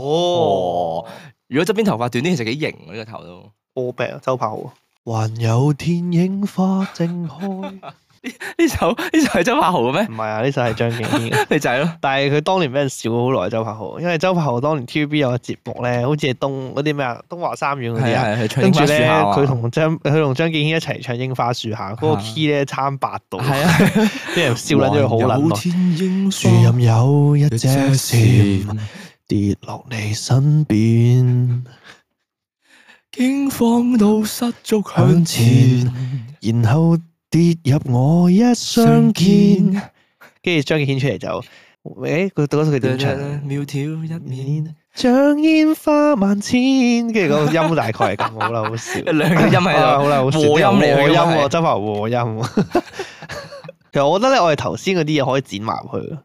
哦，oh，如果側邊頭髮短啲，其實幾型喎呢個頭都。波餅啊，周柏豪。還有天櫻花正開，呢首呢首係周柏豪嘅咩？唔係啊，呢首係張敬軒。 你就係咯。但係佢當年俾人笑咗好耐，周柏豪，因為周柏豪當年 TVB 有個節目咧，好似係東嗰啲咩啊，東華三院嗰啲啊，跟住咧佢同張佢同張敬軒一齊唱《櫻花樹下》，嗰 個 key 咧差八度，俾 人笑捻咗佢好任有卵耐。 跌落你身邊，驚慌到失足向前，然後跌入我一雙肩，哎。跟住張敬軒出嚟就，誒，佢到少佢點唱？苗條一面，像煙花萬千。跟住嗰個音大概係咁，好啦，好笑。 兩個音係啦，好啦，好笑。和音，和音，周柏和音。其實我覺得咧，我哋頭先嗰啲嘢可以剪埋入去。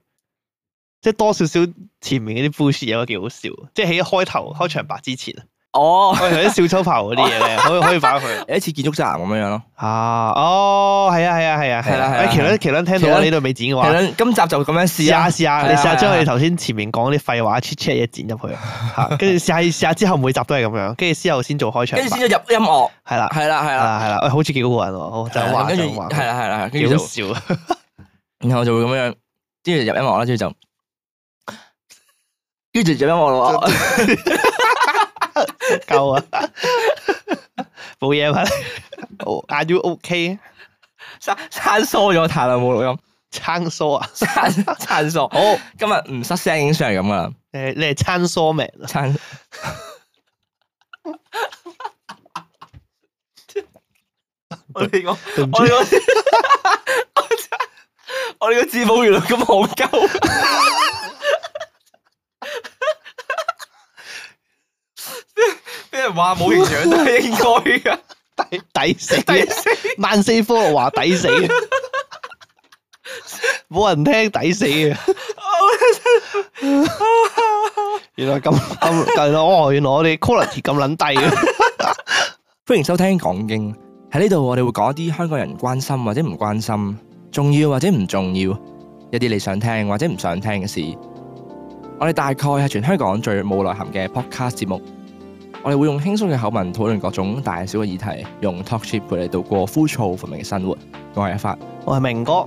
即係多少少前面嗰啲 buch 嘢都幾好笑，即係喺開頭開場白之前啊！哦，例如啲小偷跑嗰啲嘢咧，可以可以擺入去。一次建築宅男咁樣樣咯。啊，哦，係啊，係啊，係啊，係啦，係啦。麒麟麒麟聽到啊！呢度未剪嘅話，今集就咁樣試下試下，你試下將佢哋頭先前面講啲廢話 chat 嘢剪入去，跟住試下試下之後每集都係咁樣，跟住之後先做開場。跟住先入音樂，係啦，係啦，係啦，係啦。喂，好似幾個人喎？跟住係啦，係啦，幾好笑。然後就會咁樣，跟住入音樂啦，跟住就。你做咩冇錄音？夠啊！保險啊！我 audio OK，生生疏咗太耐冇錄音，生疏啊！生生疏，好， 今日唔失聲影相係咁啦。誒，你係生疏未？生山梯。 我哋、這個，呃、我哋、這個， 我哋個字幕原來咁好鳩。 咩俾人話冇營養都係應該噶？抵抵死，萬四科話抵死，冇人聽抵死嘅。原來咁咁係咯哦！原來我哋 quality 咁撚低。歡迎收聽《講經》，喺呢度我哋會講一啲香港人關心或者唔關心、重要或者唔重要一啲你想聽或者唔想聽嘅事。我哋大概係全香港最冇內涵嘅 podcast 節目，我哋會用輕鬆嘅口吻討論各種大小嘅議題，用 talkshit 陪你度過枯燥乏味嘅生活。我係一發，我係明哥。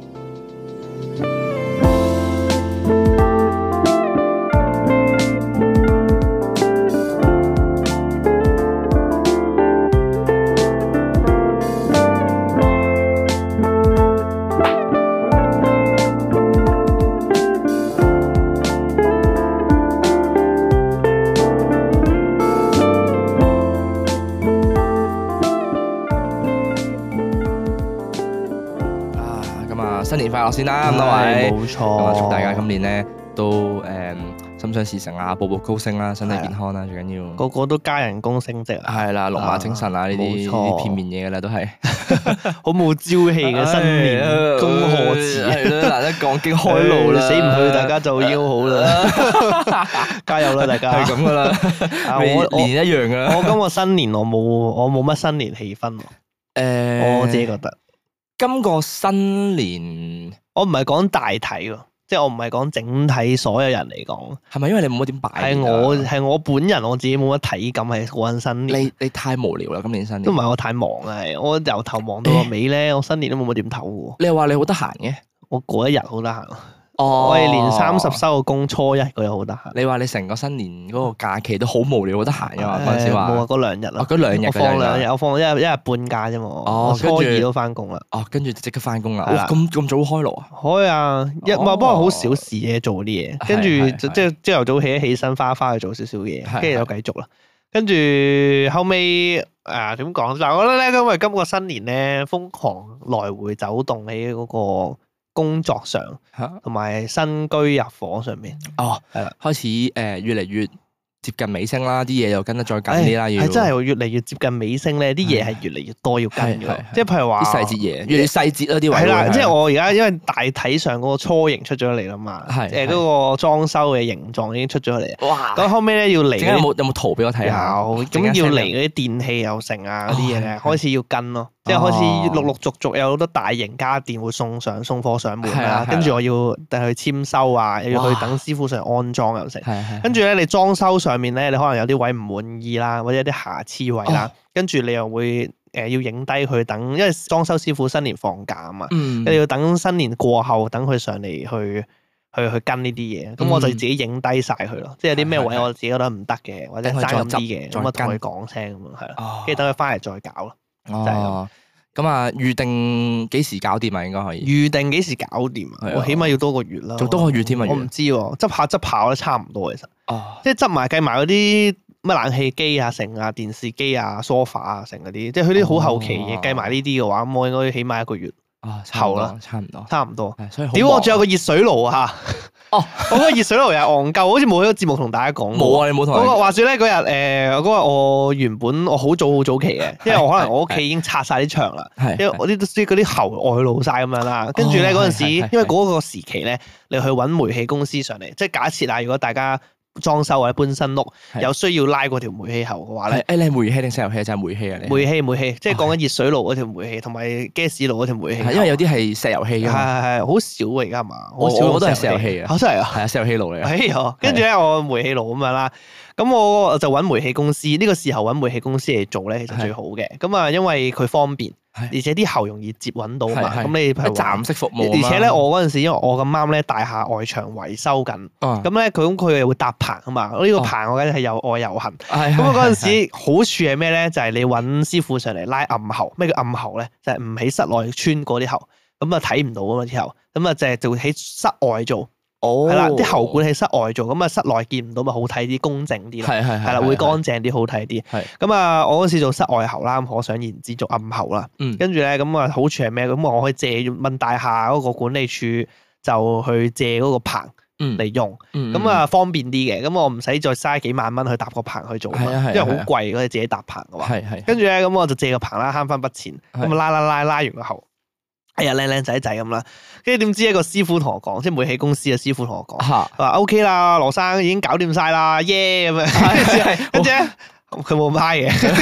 先啦，各位冇錯，咁祝大家今年咧都誒心想事成啊，步步高升啦，身體健康啦，最緊要個個都加人工升職，係啦，龍馬精神啊，呢啲片面嘢噶啦，都係好冇朝氣嘅新年，恭賀詞難得講經開路啦，死唔去，大家就腰好啦，加油啦，大家係咁噶啦，年一樣噶啦，我今個新年我冇，我冇乜新年氣氛誒，我自己覺得。今個新年，我唔係講大體喎，即係我唔係講整體所有人嚟講，係咪因為你冇乜點擺？係我係我本人，我自己冇乜體感，係過緊新年。你你太無聊啦！今年新年，都唔係我太忙喇，我由頭忙到個尾咧，欸、我新年都冇乜點唞嘅。你話你好得閒嘅，我過一日好得閒。哦，我哋年三十收個工，初一我又好得閒。你話你成個新年嗰個假期都好無聊，好得閒啊嘛？開始話冇啊，嗰兩日啦，嗰兩日放兩日，我放一一日半假啫嘛。哦，初二都翻工啦。哦，跟住就即刻翻工啦。咁咁早開爐啊？開啊，一不過好少事嘅做啲嘢，跟住即即朝頭早起一起身花花去做少少嘢，跟住又繼續啦。跟住後尾誒，點講？嗱，我覺得咧，因為今個新年咧瘋狂來回走動喺嗰個。工作上，同埋新居入伙上面哦，係啦，開始誒、呃、越嚟越接近尾聲啦，啲嘢又跟得再緊啲啦，要係真係越嚟越接近尾聲咧，啲嘢係越嚟越多要跟，即係譬如話啲細節嘢，越嚟細節嗰啲位係啦，即係我而家因為大體上嗰個初形出咗嚟啦嘛，係誒嗰個裝修嘅形狀已經出咗嚟，哇！咁後尾咧要嚟，有冇有冇圖俾我睇下？有，咁要嚟嗰啲電器又成啊，嗰啲嘢咧開始要跟咯。即係開始陸陸續續有好多大型家電會送上送貨上門啦，跟住我要去簽收啊，又要去等師傅上安裝又成。跟住咧，你裝修上面咧，你可能有啲位唔滿意啦，或者啲瑕疵位啦，跟住你又會誒要影低佢等，因為裝修師傅新年放假啊嘛，你要等新年過後等佢上嚟去去去跟呢啲嘢。咁我就自己影低晒佢咯，即係有啲咩位我自己覺得唔得嘅，或者爭啲嘅，做乜同佢講聲咁樣，係啦，跟住等佢翻嚟再搞咯。就哦，咁啊，預定幾時搞掂啊？應該可以預定幾時搞掂啊？哦、我起碼要多個月啦、啊，仲多個月添啊！嗯、啊我唔知喎、啊，執下執下都差唔多其實，哦，即係執埋計埋嗰啲乜冷氣機啊、成啊、電視機啊、sofa 啊、成嗰啲，即係佢啲好後期嘅計埋呢啲嘅話，咁我應該起碼一個月。啊，喉啦、哦，差唔多，差唔多，差多、嗯，所以屌我仲有個熱水爐啊。熱水爐哦， 我，覺得熱水爐我個熱水爐又係憨鳩，好似冇喺個節目同大家講，冇啊，你冇同嗰個，說話說咧嗰日誒，嗰、呃、個我，我原本我好早好早期嘅，因為我可能我屋企已經拆晒啲牆啦，係是，我啲即係啲喉外露晒咁樣啦，跟住咧嗰陣時，因為嗰個時期咧，你去搵煤氣公司上嚟，即係假設啊，如果大家。裝修或者搬新屋，有需要拉嗰條煤氣喉嘅話咧，誒，你係煤氣定石油氣啊？就係煤氣啊你？煤氣煤氣，即係講緊熱水爐嗰條煤氣，同埋 gas 爐嗰條煤氣。係因為有啲係石油氣。係係係，好少嘅而家嘛，少我我都係石油氣啊，我都係啊，係啊，石油氣爐嚟啊。跟住咧，我煤氣爐咁樣啦，咁我就揾煤氣公司，呢個時候揾煤氣公司嚟做咧，其實最好嘅。咁啊，因為佢方便。而且啲喉容易接穩到嘛，咁你係暫式服務。而且咧，我嗰陣時因為我咁啱咧，大廈外牆維修緊，咁咧佢咁佢又會搭棚啊嘛，呢、呢個棚我緊係又愛又恨。行。咁嗰陣時好處係咩咧？就係、是、你揾師傅上嚟拉暗喉，咩叫暗喉咧？就係唔喺室內穿過啲喉，咁啊睇唔到啊嘛之後，咁啊就係就會喺室外做。哦，係啦，啲喉管喺室外做，咁啊室內見唔到咪好睇啲，工整啲，係係係，係啦，會乾淨啲，好睇啲。係咁啊，我嗰時做室外喉啦，咁可想而知做暗喉啦。嗯，跟住咧，咁啊好處係咩？咁我可以借問大廈嗰個管理處，就去借嗰個棚嚟用，咁啊方便啲嘅。咁我唔使再嘥幾萬蚊去搭個棚去做，因為好貴，我哋自己搭棚嘅話。係係。跟住咧，咁我就借個棚啦，慳翻筆錢。咁啊拉拉拉拉完個喉，哎呀靚靚仔仔咁啦。跟住點知一個師傅同我講，即係煤氣公司嘅師傅同我講，話、啊、OK 啦，羅生已經搞掂晒啦，耶、yeah, 咁樣。跟住咧，佢冇咁嗨嘅，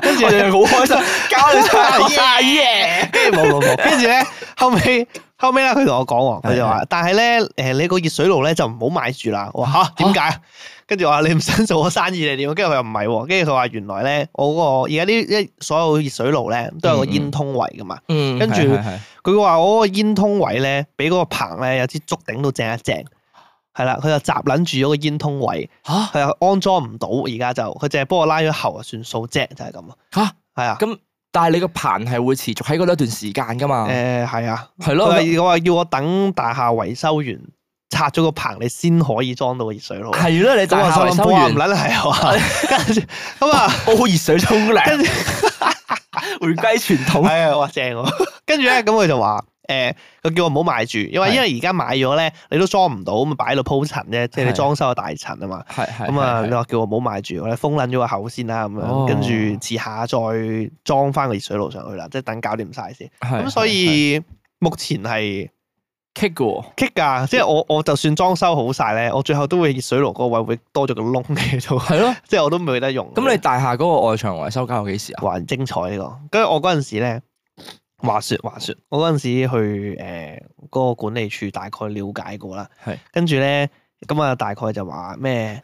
跟住好開心，搞掂晒，耶、yeah, 耶、yeah。跟住冇冇冇，跟住咧後尾，後尾咧佢同我講，佢就話：是是是，但係咧，誒你個熱水爐咧就唔好買住啦。我話嚇點解？啊跟住話你唔想做我生意你點？跟住佢又唔係喎，跟住佢話原來咧，我嗰個而家呢一所有熱水爐咧都有個煙通位噶嘛。嗯，嗯，跟住佢話我個煙通位咧，俾嗰個棚咧有支竹頂都正一正，係啦，佢就雜撚住咗個煙通位。嚇！係啊，安裝唔到而家就佢淨係幫我拉咗喉就、就係、啊，算數啫，就係咁啊。嚇！係啊，咁但係你個棚係會持續喺嗰度一段時間噶嘛？誒係啊，係咯。佢話的就要我等大廈維修完。拆咗個棚，你先可以裝到個熱水爐。係，原來你打下維修，係啊。跟住，咁啊，煲熱水沖涼，回歸傳統。係啊，哇，正。跟住咧，咁佢就話，誒，佢叫我唔好買住，因為因為而家買咗咧，你都裝唔到，咁咪擺到鋪塵啫。即係你裝修個大層啊嘛。係係。咁啊，你話叫我唔好買住，我哋封捻咗個口先啦。咁樣，跟住遲下再裝翻個熱水爐上去啦。即係等搞掂晒先。咁所以目前係。Kick 噶，Kick 噶，即係我我就算裝修好晒咧，我最後都會熱水爐嗰位會多咗個窿嘅，係咯的，即係我都冇得用。咁你大廈嗰個外牆維修交咗幾時啊？還精彩呢個，跟住我嗰陣時咧，話說話說，我嗰陣時去誒嗰個管理處大概了解過啦，係的跟住咧咁啊，大概就話咩？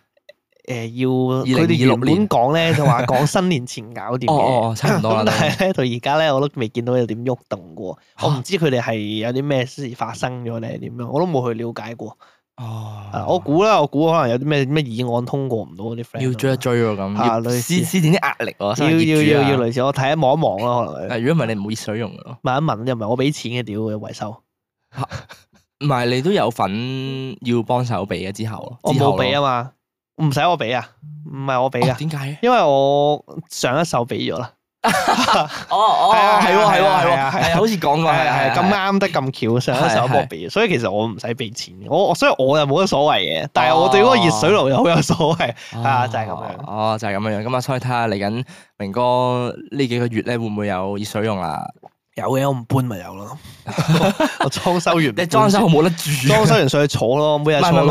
誒要佢哋原本講咧就話講新年前搞掂。哦，差唔多啦。但係咧到而家咧我都未見到有點喐動過，我唔知佢哋係有啲咩事發生咗定係點樣，我都冇去了解過。哦，我估啦，我估可能有啲咩咩議案通過唔到啲 friend 要追一追喎，咁，施施點啲壓力我，要要要要類似我睇一望一望咯，可能。誒，如果唔係你冇熱水用嘅咯。問一問又唔係我俾錢嘅，屌嘅維修，唔係你都有份要幫手俾嘅之後，我冇俾啊嘛。唔使我俾啊，唔係我俾啊。點解、哦、因為我上一手俾咗啦。哦哦，係喎係喎係喎，好似講過，係係咁啱得咁巧，上一手給我幫俾，係係所以其實我唔使俾錢我所以我又冇乜所謂嘅。但係我對嗰個熱水爐又好有所謂、哦、 啊，就係、係、咁樣。哦，就係咁樣樣。咁啊，出去睇下嚟緊明哥呢幾個月咧，會唔會有熱水用啊？有嘅我唔搬咪有咯， 我裝修完。你裝修冇得住？ 裝修完上去坐咯，每日坐， 坐到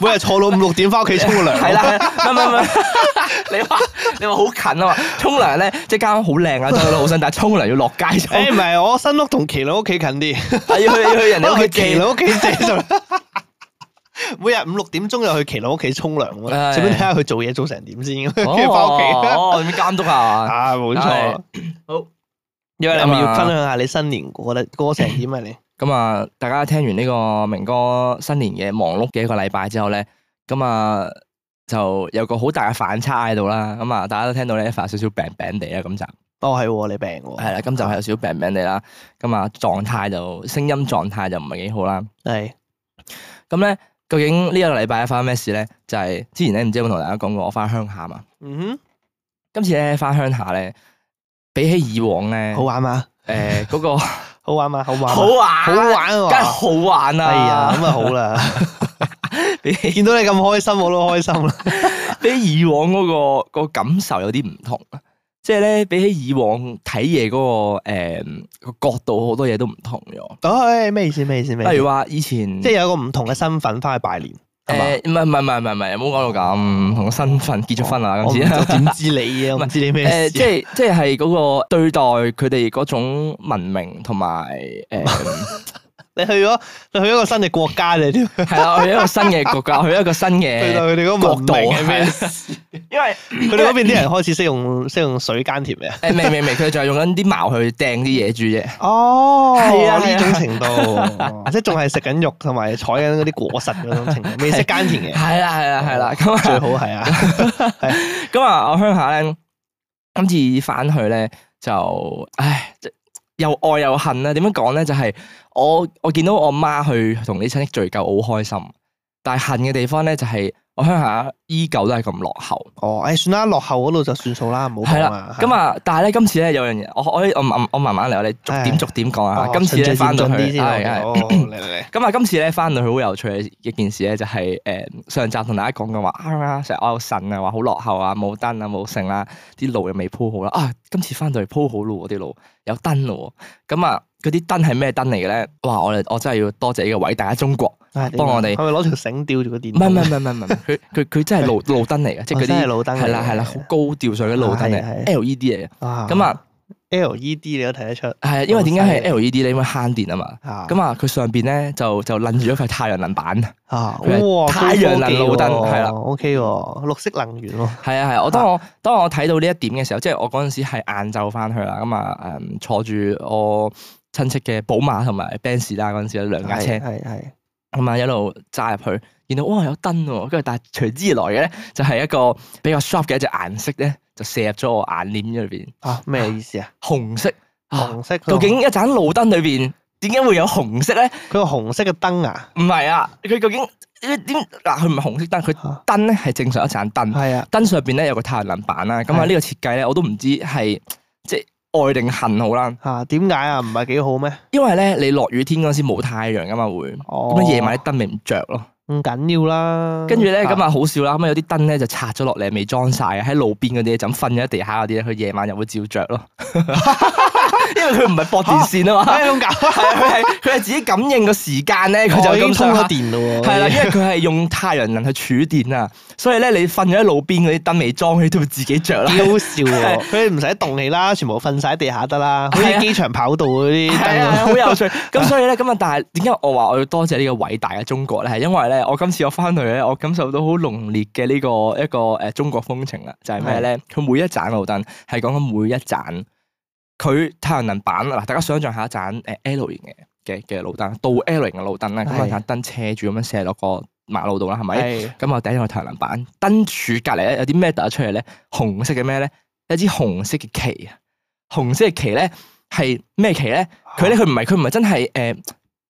每日坐到五六點翻屋企沖涼。係啦，唔 你話你話好近啊嘛？沖涼咧，即係間屋好靚啊，新屋好新，但係沖涼要落街。誒唔係，我新屋同麒麟屋企近啲，係 要去要去，要去人哋去麒麟屋企借。 每日五六點鐘又去麒麟屋企沖涼喎，想睇下佢做嘢做成點先，跟住翻屋企，我、 oh, oh, 監督下啊，冇、 啊、錯，好。咳咳 因為你要分享下你新年過得歌成點啊，你咁啊、嗯，大家聽完呢個明哥新年嘅忙碌嘅一個禮拜之後咧，咁、嗯、啊就有個好大嘅反差喺度啦。咁、嗯、啊，大家都聽到咧發少少病病地啊，咁就都係你病，係啦，咁就係有少少病病地啦。咁啊， 狀態就聲音狀態就唔係幾好啦。係咁咧，究竟個呢個禮拜發生咩事咧？就係、是、之前咧，唔知有冇同大家講過我鄉，我翻鄉下啊嘛。嗯哼，今次咧翻鄉下咧。比起以往咧，好玩嘛？誒，嗰個好玩嘛？好玩，好玩，好玩、啊，梗係、哎、好玩啦！咁啊好啦，見到你咁開心，我都開心啦、 那個那個就是。比起以往嗰、嗰個、呃嗰個感受有啲唔同啊，即係咧比起以往睇嘢嗰個誒角度，好多嘢都唔同咗。哎，咩意思？咩意思？例如話以前，即係有個唔同嘅身份，翻去拜年。誒，唔係唔係唔係唔係唔係，唔好講到咁，同個身份結咗婚啊，咁樣點知，知你啊？唔 知你咩事、啊？誒、 啊，即係即係係嗰個對待佢哋嗰種文明同埋誒。呃 你去咗，你去一個新嘅國家啫，屌！係啊，去一個新嘅國家，去咗一個新嘅。去到佢哋嗰個文明係咩意思？因為佢哋嗰邊啲人開始識用，識用水耕田嘅。未未未，佢哋就係用緊啲矛去掟啲野豬啫。哦，係啊，呢種程度，即係仲係食緊肉，同埋採緊嗰啲果實嗰種程度，未識耕田嘅。係啦，係啦，係啦。咁最好係啊，係。咁啊，我鄉下咧，今次返去咧就，唉，即又愛又恨啊，點樣講咧？就係我我見到我媽去同啲親戚聚舊，好開心。但係恨嘅地方咧，就係。我鄉下依舊都係咁落後。哦，誒，算啦，落後嗰度就算數啦，冇講啦。咁啊了，但係咧，今次咧有樣嘢，我我我，我慢慢嚟，我哋逐點逐點講啊。今次咧翻到去，係係了。嚟嚟。咁啊，今次咧翻到去好有趣嘅一件事咧，就係、是、誒，上集同大家講嘅話啊，成日我有神啊，話好落後啊，冇燈啊，冇剩啦，啲路又未鋪好啦。啊，今次翻到去鋪好路，啲路有燈咯。咁啊，嗰啲燈係咩燈嚟嘅咧？哇，我我真係要多謝呢個偉大嘅中國。幫我哋，佢攞條繩吊住個電。唔係唔係唔係唔係，佢佢佢真係路路燈嚟嘅，即係嗰啲係啦係啦，好高吊上嘅路燈，LED 嚟嘅。咁啊，LED 你都睇得出。係啊，因為點解係 LED 咧？因為慳電啊嘛。咁啊，佢上邊咧就就攣住咗塊太陽能板啊。太陽能路燈係啦，OK 喎，綠色能源咯。係啊係啊，當我當我睇到呢一點嘅時候，即係我嗰陣時係晏晝翻去啦。咁啊，嗯，坐住我親戚嘅寶馬同埋 Benz 啦，嗰陣時有兩架車係係。咁啊一路揸入去，然後哇有燈喎，啊，跟住但係隨之而嚟嘅咧，就係一個比較 sharp 嘅一隻顏色咧，就射入咗我眼簾裏邊。啊，咩意思啊，啊？紅色，啊、紅色紅色。究竟一盞路燈裏邊點解會有紅色咧？佢個紅色嘅燈啊？唔係啊，佢究竟點嗱？佢唔係紅色燈，佢燈咧係正常一盞燈。係啊，燈上邊咧有個太陽能板啦。咁啊呢個設計咧，我都唔知係即係。愛定恨好啦。吓點解啊？唔係幾好咩？因為咧，你落雨天嗰陣時冇太陽噶嘛，會咁啊，夜晚啲燈咪唔着咯，唔緊要啦。跟住咧，今日好笑啦，咁啊有啲燈咧就拆咗落嚟未裝晒，喺路邊嗰啲就瞓咗喺地下嗰啲咧，佢夜晚又會照着咯。 因為佢唔係駁電線啊嘛，係啊，佢係佢係自己感應個時間咧，佢就已經通咗電咯。係啊，因為佢係用太陽能去儲電啊，所以咧，你瞓咗喺路邊嗰啲燈未裝起，佢都會自己着啦。好笑，佢唔使動你啦，全部瞓晒喺地下得啦，好似機場跑道嗰啲燈，好有趣。咁所以咧，今日但係點解我話我要多謝呢個偉大嘅中國咧？係因為咧，我今次我翻去咧，我感受到好濃烈嘅呢個一個誒中國風情啦，就係咩咧？佢每一盞路燈係講緊每一盞。佢太陽能板啦，大家想象下一盞誒 L 型嘅嘅嘅路燈，到 L 型嘅路燈啦，咁是的 一盞燈斜住咁樣射落個馬路度啦，係咪？咁是的 我頂咗個太陽能板，燈柱隔籬咧有啲咩突出嚟咧？紅色嘅咩咧？一支紅色嘅旗啊！紅色嘅旗咧係咩旗咧？佢咧佢唔係佢唔係真係誒。呃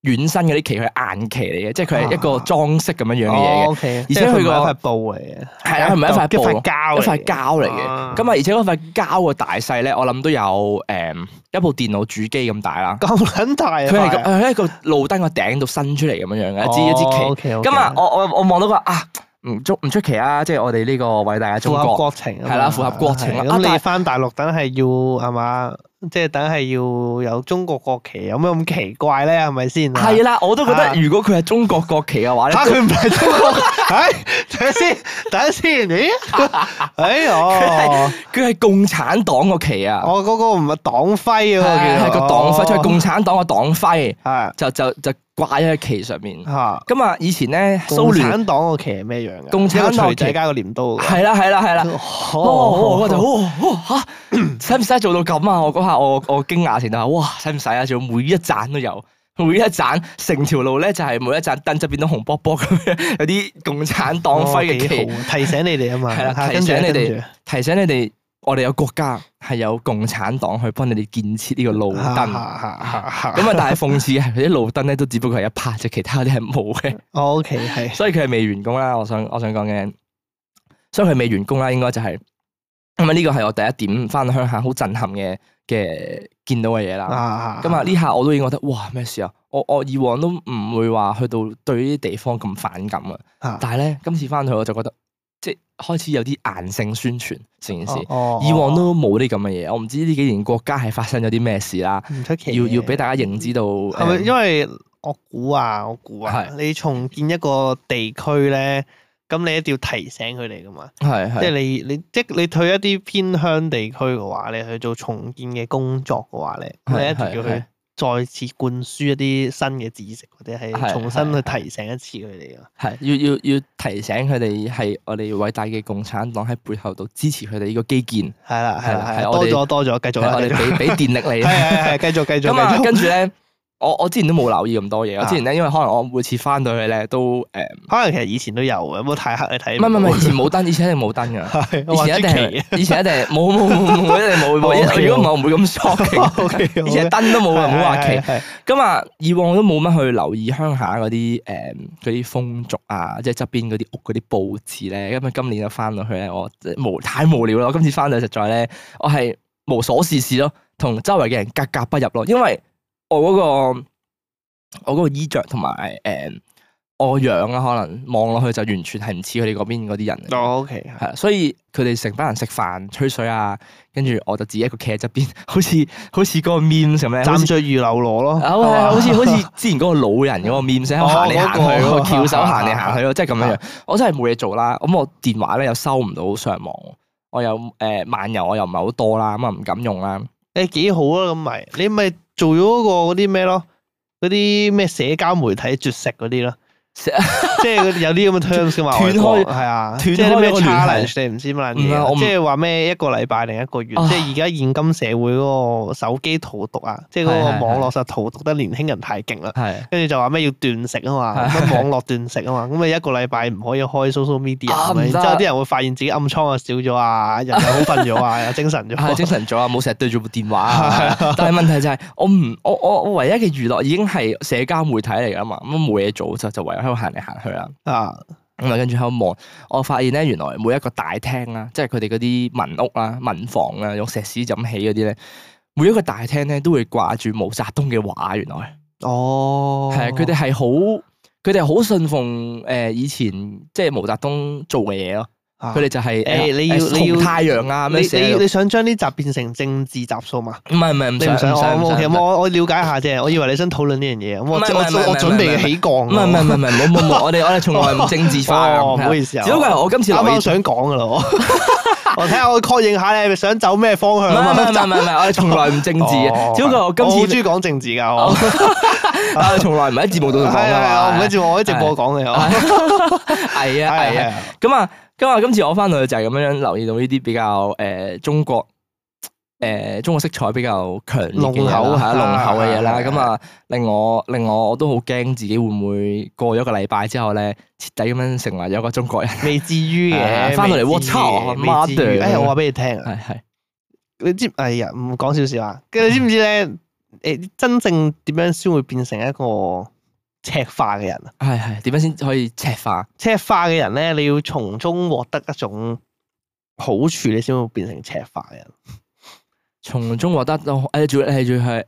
遠身嗰啲旗係硬旗嚟嘅，即係佢係一個裝飾咁樣樣嘅嘢嘅，而且佢個係一塊布嚟嘅，係啊，係一塊一塊膠，一塊膠嚟嘅。咁啊，而且嗰塊膠嘅大細咧，我諗都有誒一部電腦主機咁大啦，咁大。佢係佢係一個路燈個頂度伸出嚟咁樣樣嘅一支一支旗。咁啊，我我我望到個啊，唔出唔出奇啊！即係我哋呢個偉大嘅中國，係啦，符合國情。咁你翻大陸等係要係嘛？即係等係要有中國國旗，有咩咁奇怪咧？係咪先啊？係啦，我都覺得如果佢係中國國旗嘅話咧吓，佢唔係中國吓，等下先，等下先，咦？哎呀，佢係佢係共產黨個旗啊！我嗰個唔係黨徽啊，佢係個黨徽，係共產黨個黨徽，就就就掛喺旗上面。咁啊！以前咧，蘇聯黨個旗係咩樣嘅？共產黨旗加個鐮刀。係啦係啦係啦，哦，我就哦使唔使做到咁啊？我我我驚訝程度，哇，使唔使啊？仲每一盞都有，每一盞成條路咧，就係每一盞燈就變到紅卜卜咁樣， 有啲共產黨輝嘅旗， 提醒你哋啊嘛，係啦， 提醒你哋，跟著跟著提醒你哋，我哋有國家係有共產黨去幫你哋建設呢個路燈，咁啊， 但係諷刺係，啲路燈咧都只不過係一排，就其他嗰啲係冇嘅。O K，係，所以佢係未完工啦，就是。我想我想講嘅，所以佢未完工啦，應該就係咁啊。呢個係我第一點翻到鄉下好震撼嘅。嘅見到嘅嘢啦，咁啊呢下我都已經覺得哇咩事啊！我我以往都唔會話去到對呢啲地方咁反感啊，但係咧今次翻去我就覺得即係開始有啲硬性宣傳成件事，哦哦、以往都冇啲咁嘅嘢，我唔知呢幾年國家係發生咗啲咩事啦，唔出奇，要要俾大家認知到，係咪的因為我估啊，我估啊，的你重建一個地區咧。咁你一定要提醒佢哋噶嘛，是是即係你你即係你去一啲偏鄉地區嘅話，你去做重建嘅工作嘅話咧，是是你一定要去再次灌輸一啲新嘅知識，是是或者係重新去提醒一次佢哋咯。係要要要提醒佢哋係我哋偉大嘅共產黨喺背後度支持佢哋呢個基建。係啦係啦，多咗的多咗了，繼續啦，我哋俾俾電力你。係係係，繼續繼續。繼續繼續 跟住咧。我我之前都冇留意咁多嘢。我之前咧，因為可能我每次翻到去咧，都誒，可能其實以前都有嘅。咁太黑你睇唔？唔唔唔，以前冇燈，以前一定冇燈嘅。以前一定，奇以前一定冇冇冇冇，一定冇。如果唔係，我唔會咁 short 以前燈都冇嘅，唔好話奇。咁啊，以往我都冇乜去留意鄉下嗰啲誒啲風俗啊，即係側邊嗰啲屋嗰啲佈置咧。咁啊，今年一翻到去咧，我無太無聊咯。今次翻到去實在咧，我係無所事事咯，同周圍嘅人格格不入咯，因為。我嗰個我個衣着同埋誒，我樣啊，可能望落去就完全係唔似佢哋嗰邊嗰啲人。O K，係所以佢哋成班人食飯吹水啊，跟住我就自己一個企喺側邊，好似好似個面咁樣，站着如流羅咯，好似好似之前嗰個老人嗰個面成行嚟行去，翹手行嚟行去咯，即係咁樣樣。 我真係冇嘢做啦，咁我電話咧又收唔到上網，我又誒漫遊我又唔係好多啦，咁啊唔敢用啦。誒，幾好啊，咁咪你咪。做咗嗰個嗰啲咩咯，嗰啲咩社交媒體絕食嗰啲咯。即係有啲咁嘅 term 先話，係啊，即係咩 challenge 定唔知乜嘢，即係話咩一個禮拜定一個月，即係而家現今社會嗰個手機荼毒啊，即係嗰個網絡實荼毒得年輕人太勁啦，跟住就話咩要斷食啊嘛，網絡斷食啊嘛，咁啊一個禮拜唔可以開 social media，然之後啲人會發現自己暗瘡啊少咗啊，人又好瞓咗啊，精神咗，精神咗啊，冇成日對住部電話，但係問題就係我唔我我唯一嘅娛樂已經係社交媒體嚟噶嘛，咁冇嘢做就就為喺度行嚟行去啦，啊咁啊跟住喺度望，我發現咧原來每一個大廳啦，即係佢哋嗰啲民屋啦、啊、民房啊，用石屎咁起嗰啲咧，每一個大廳咧都會掛住毛澤東嘅畫，原來哦，係啊，佢哋係好，佢哋好信奉誒以前即係毛澤東做嘅嘢咯。佢哋就係誒，你要你要太陽啊！你你你想將呢集變成政治集數嘛？唔係唔係唔想，我 OK，我我了解下啫。我以為你想討論呢樣嘢啊！唔係唔係唔係，我準備起降。唔係唔係唔係唔冇冇冇，我哋我哋從來唔政治化，唔好意思。只不過係我今次啱啱想講嘅咯。我睇下我確認下你係想走咩方向？唔係唔係唔係唔係，我哋從來唔政治嘅。只不過我今次我好中意講政治㗎，我從來唔喺節目度講。係啊，唔好意思，我喺直播講嘅。係啊，係啊，咁啊。因為今次我翻到去就係咁樣樣留意到呢啲比較誒、呃、中國誒、呃、中國色彩比較強濃厚吓濃厚嘅嘢啦，咁啊令我令我我都好驚自己會唔會過咗個禮拜之後咧徹底咁樣成為咗一個中國人？未至於嘅，翻到嚟臥槽，未至於。誒，我話俾你聽，係係是、哎，你知哎呀，唔講少少話。咁你知唔知咧？誒，真正點樣先會變成一個？赤化嘅人啊，係係點樣先可以赤化？赤化嘅人咧，你要從中獲得一種好處，你先會變成赤化嘅人。從中獲得、哎，誒，仲係仲係，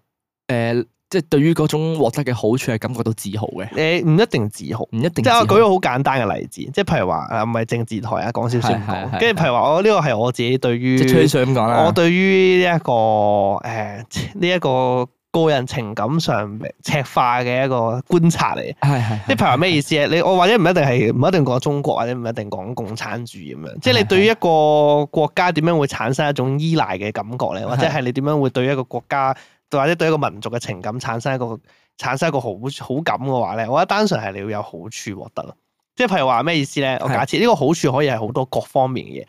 誒，即係對於嗰種獲得嘅好處係感覺到自豪嘅。誒、欸，唔一定自豪，唔一定。即係我舉個好簡單嘅例子，即係譬如話誒，唔係政治台啊，講少少唔講。跟住對譬如話，我、這、呢個係我自己對於、這個、吹水咁講啦。我對於呢一個誒呢一個。個人情感上赤化嘅一個觀察嚟嘅，係係。即係譬如話咩意思咧？你我或者唔一定係唔一定講中國，或者唔一定講共產主義咁樣。即係你對於一個國家點樣會產生一種依賴嘅感覺咧，或者係你點樣會對一個國家，或者對一個民族嘅情感產生一個產生一個好好感嘅話咧，我覺得單純係你要有好處獲得咯。即係譬如話咩意思咧？我假設呢個好處可以係好多各方面嘅嘢。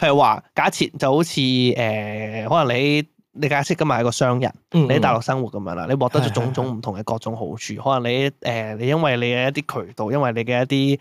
譬如話假設就好似誒、呃，可能你。你解釋今日係個商人，你喺大陸生活咁樣啦，嗯、你獲得咗種種唔同嘅各種好處，是是是可能你誒、呃、你因為你嘅一啲渠道，因為你嘅一啲。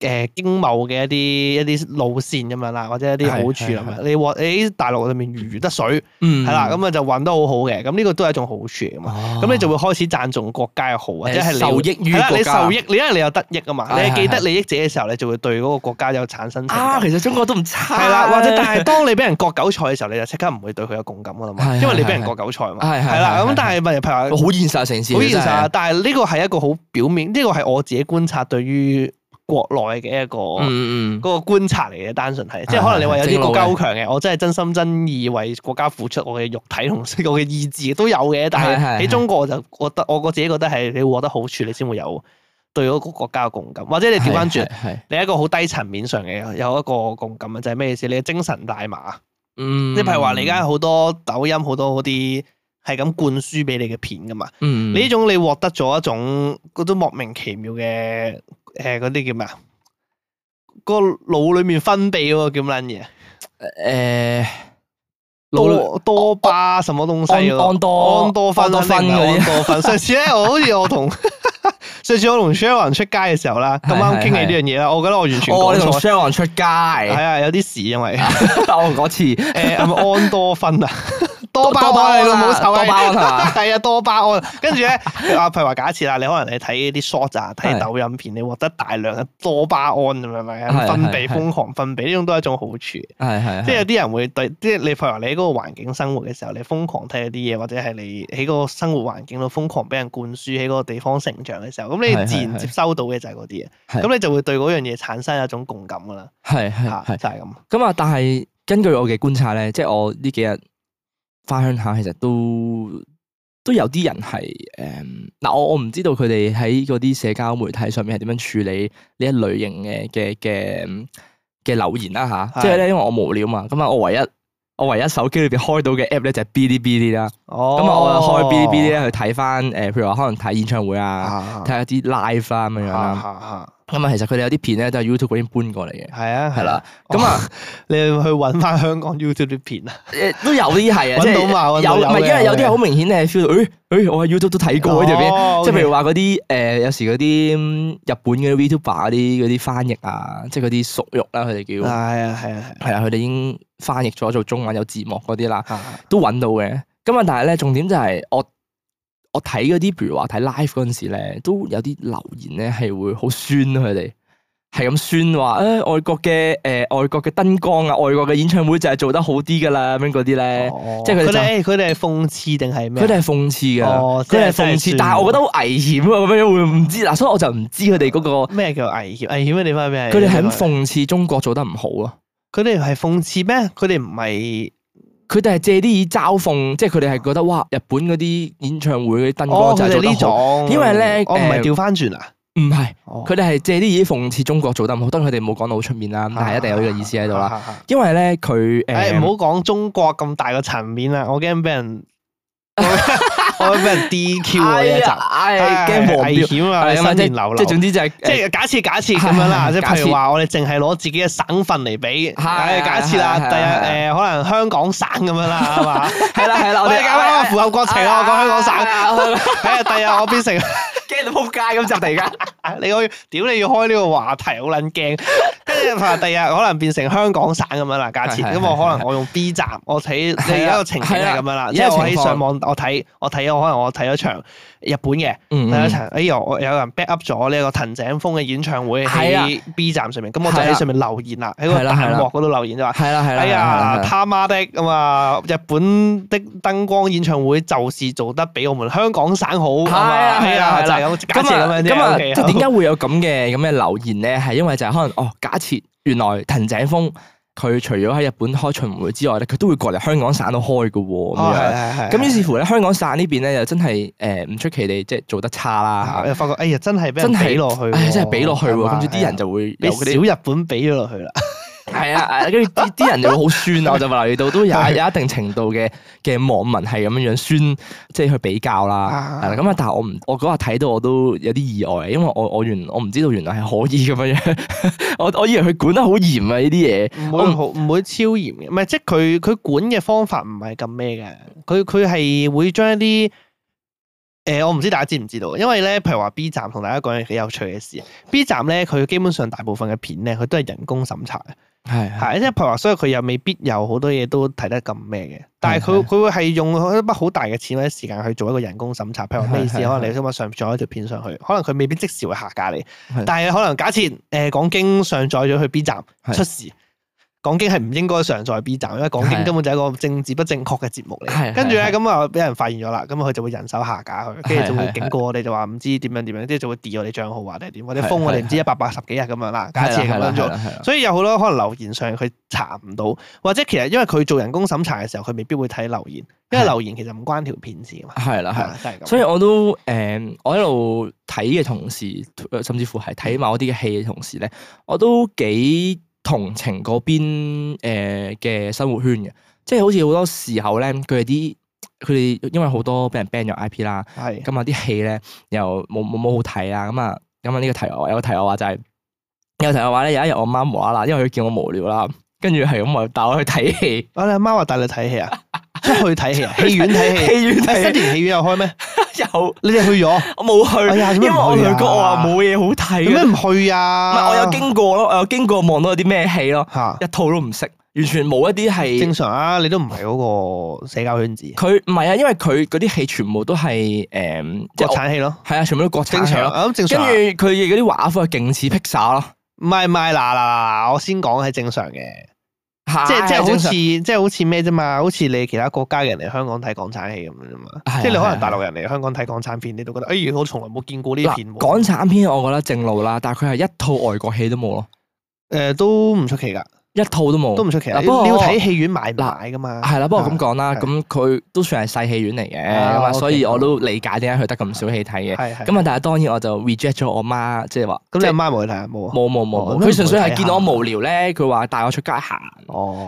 誒，經貿嘅一啲一啲路線咁樣啦，或者一啲好處啊，你運喺大陸裏面如魚得水，係啦，咁啊就搵得好好嘅，咁呢個都係一種好處啊嘛。咁你就會開始讚頌國家嘅好，或者係受益於國家，你受益，你因為你有得益啊嘛。你係記得利益者嘅時候，你就會對嗰個國家有產生。啊，其實中國都唔差。係啦，或者但係當你俾人割韭菜嘅時候，你就即刻唔會對佢有共感噶啦嘛，因為你俾人割韭菜嘛。係係。係啦，咁但係譬如話，好現實，城市好現實，但係呢個係一個好表面，呢個係我自己觀察對於。國內嘅一個嗰個觀察嚟嘅，單純係即係可能你話有啲國家好強嘅，我真係真心真意為國家付出我嘅肉體同我嘅意志都有嘅，但係喺中國我就覺得我我自己覺得係你獲得好處，你先會有對嗰個國家嘅共感，或者你調返轉，是的是的，你一個好低層面上嘅有一個共感就係咩意思？你嘅精神大碼，即係、嗯、譬如話你而家好多抖音好多嗰啲係咁灌輸俾你嘅片噶嘛，嗯，呢種你獲得咗一種嗰種莫名其妙嘅。誒，嗰啲叫咩啊？個腦裏面分泌嗰個叫乜嘢？誒，多多巴什麼東西？安多安多芬啊，嗰啲安多芬上次咧，我好似我同上次我同 Sherwin 出街嘅時候啦，咁啱傾起呢樣嘢啦，我覺得我完全。我同 Sherwin 出街。係啊，有啲事因為我嗰次誒，係咪安多芬啊？多巴胺嚟咯，冇臭多巴胺，第日多巴胺。跟住咧，譬如話假設啦，你可能你睇啲 short 啊，睇抖音片，你獲得大量嘅多巴胺，咁樣咪分泌瘋狂分泌，呢種都係一種好處。係係，即係有啲人會對，即係你譬如話你喺嗰個環境生活嘅時候，你瘋狂睇嗰啲嘢，或者係你喺嗰個生活環境度瘋狂俾人灌輸，喺嗰個地方成長嘅時候，咁你自然接收到嘅就係嗰啲嘢，咁你就會對嗰樣嘢產生一種共感噶啦。係係，就係咁。咁啊，但係根據我嘅觀察咧，即係我呢幾日。翻鄉下其實都都有啲人係誒，嗱、嗯、我我唔知道佢哋喺嗰啲社交媒體上面係點樣處理呢一類型嘅嘅嘅嘅留言啦吓，是的 即係咧因為我無聊嘛，咁啊我唯一我唯一手機裏邊開到嘅 app 咧就係嗶哩嗶哩啦，咁啊我就開嗶哩嗶哩咧去睇翻誒，譬如話可能睇演唱會啊，啊，啊等等，睇下啲 live 啦咁樣啦。咁啊，其實佢哋有啲片咧，都喺 YouTube 已經搬過嚟嘅。係啊，是啊、嗯，係啦。咁啊，你去揾翻香港 YouTube 啲片啊？都有啲係啊，揾到嘛？到有，唔係因為有啲係好明顯咧，feel 到，誒誒是、啊哎哎，我喺 YouTube 都睇過喺入邊。哦、即係譬如話嗰啲誒，有時嗰啲日本嘅 YouTuber 啲嗰啲翻譯啊，即係嗰啲熟肉啦、啊，佢哋叫。係啊，係啊，係是啊，佢哋已經翻譯咗做中文有字幕嗰啲啦，是啊、都揾到嘅。咁啊，但係咧重點就係我。我睇嗰啲，譬如話睇 live 嗰陣時咧，都有啲留言咧，係會好酸佢哋，係咁酸話誒，外國嘅，誒、呃，外國嘅燈光啊，外國嘅演唱會就係做得好啲噶啦，咁樣嗰啲咧，哦、即係佢哋，佢哋係諷刺定係咩？佢哋係諷刺噶，佢哋係諷刺，但係我覺得好危險啊，咁樣會唔知嗱，所以我就唔知佢哋嗰個咩叫危險，危險嘅地方係咩？佢哋係咁諷刺中國做得唔好咯，佢哋係諷刺咩？佢哋唔係。佢哋係借啲嘢嘲諷，即係佢哋係覺得哇，日本嗰啲演唱會嗰啲燈光就係做得好。哦、種因為咧，我唔係調翻轉啊，唔係，佢哋係借啲嘢諷刺中國做得唔好。當然佢哋冇講到好出面啦，哦、但係一定有呢個意思喺度啦。啊啊啊、因為咧，佢誒唔好講中國咁大個層面啦，我驚畀人。 我俾人 DQ 呢一集，驚危險啊！新年流流，即係總之就係，即係假設假設咁樣啦。即係譬如話，我哋淨係攞自己嘅省份嚟比，假設假設啦。第日誒可能香港省咁樣啦，係嘛？係啦係啦，我哋咁啦，符合國情啊，我講香港省。係啊，第日我變成驚到撲街咁就突然間。你開，屌你要開呢個話題，好撚驚。即係 第日可能變成香港省咁樣啦，價錢咁我可能我用 B 站，我睇你而家個情景係咁樣啦，因為我喺上網我睇我睇我可能我睇咗況場。日本嘅第一層，哎呀，我有人 back up 咗呢個藤井峰嘅演唱會喺 B 站上面，咁我就喺上面留言啦，喺個彈幕嗰度留言就話，哎呀，他媽的咁啊！日本的燈光演唱會就是做得比我們香港省好，係啊，係啊，就係咁，假設咁樣啲咁啊，即係點解會有咁嘅咁嘅留言咧？係因為就係可能哦，假設原來藤井峰。佢除咗喺日本開巡迴之外咧，佢都會過嚟香港省度開嘅喎。哦，係係係。咁於是乎咧，香港省呢邊咧又真係誒唔出奇地即係做得差啦嚇。的的又發覺哎呀真係俾落去，真係俾落去喎。咁啲、哎啊、人就會俾小日本俾咗落去啦。 係 啊，跟住啲人就會好酸啊！我就留意到都有有一定程度嘅嘅網民係咁樣樣酸，即係去比較啦。咁啊，但係我唔我嗰日睇到我都有啲意外，因為我我原我唔知道原來係可以咁樣樣。 我我以為佢管得好嚴啊呢啲嘢，唔會唔會超嚴嘅？唔係，即係佢佢管嘅方法唔係咁咩嘅。佢佢係會將一啲誒、呃，我唔知大家知唔知道？因為咧，譬如話 B 站同大家講嘢幾有趣嘅事，B 站咧佢基本上大部分嘅片咧，佢都係人工審查嘅。係係，即係譬如話，所以佢又未必有好多嘢都睇得咁咩嘅，但係佢佢會係用一筆好大嘅錢或者時間去做一個人工審查，譬如話咩意思？可能你先把上載一條片上去，可能佢未必即時會下架你，的但係可能假設誒，講、呃、經上載咗去 B 站出事。講經係唔應該常在 B 站，因為講經根本就係一個政治不正確嘅節目嚟。跟住咧，咁啊俾人發現咗啦，咁佢就會人手下架佢，跟住就會警告我哋就話唔知點樣點樣，即係就會 delete 我哋賬號，或者點，或者封我哋唔知一百八十幾日咁樣啦。假設咁樣做，所以有好多可能留言上去佢查唔到，或者其實因為佢做人工審查嘅時候，佢未必會睇留言，因為留言其實唔關條片事噶嘛。係啦係啦，就係咁。所以我都誒，我一路睇嘅同時，甚至乎係睇某啲嘅戲嘅同時咧，我都幾。同情嗰邊誒嘅生活圈嘅，即係好似好多時候咧，佢哋啲佢哋因為好多俾人 ban 咗 IP 啦，係咁啊啲戲咧又冇冇冇好睇啊，咁啊咁啊呢個題外有個題外話就係有個題外話咧，有一日我媽無啦啦，因為佢見我無聊啦，跟住係咁我帶我去睇戲，我你阿媽話帶你睇戲啊？ 出去睇戲啊，戲院睇戲， 新年戲院又開咩？ 有你，你哋去咗？我冇去。哎呀，為啊、因為我去過，我話冇嘢好睇。做咩唔去啊？我有經過咯，我有經過望到有啲咩戲咯，啊、一套都唔識，完全冇一啲係。正常啊，你都唔係嗰個社交圈子。佢唔係啊，因為佢嗰啲戲全部都係誒、嗯、國產戲咯，係啊，全部都國產咯。咁跟住佢嗰啲畫風係勁似 Pixar 咯，唔係唔係嗱嗱嗱，我先講係正常嘅。哎、即係確即係好似即係好似咩啫嘛，好似確你其他國家嘅人嚟香港睇港產戲咁樣啫嘛。啊、即係你可能大陸人嚟香港睇港產片，你都覺得，哎，我從來冇見過呢啲片。港產片我覺得正路啦，但係佢係一套外國戲都冇咯。誒、呃，都唔出奇㗎。一套都冇，都唔出奇。不過你要睇戲院買買噶嘛，係啦。不過咁講啦，咁佢都算係細戲院嚟嘅，咁啊，所以我都理解點解佢得咁少戲睇嘅。咁啊，但係當然我就 reject 咗我媽，即係話咁你阿媽冇去睇啊，冇冇冇冇。佢純粹係見到我無聊咧，佢話帶我出街行，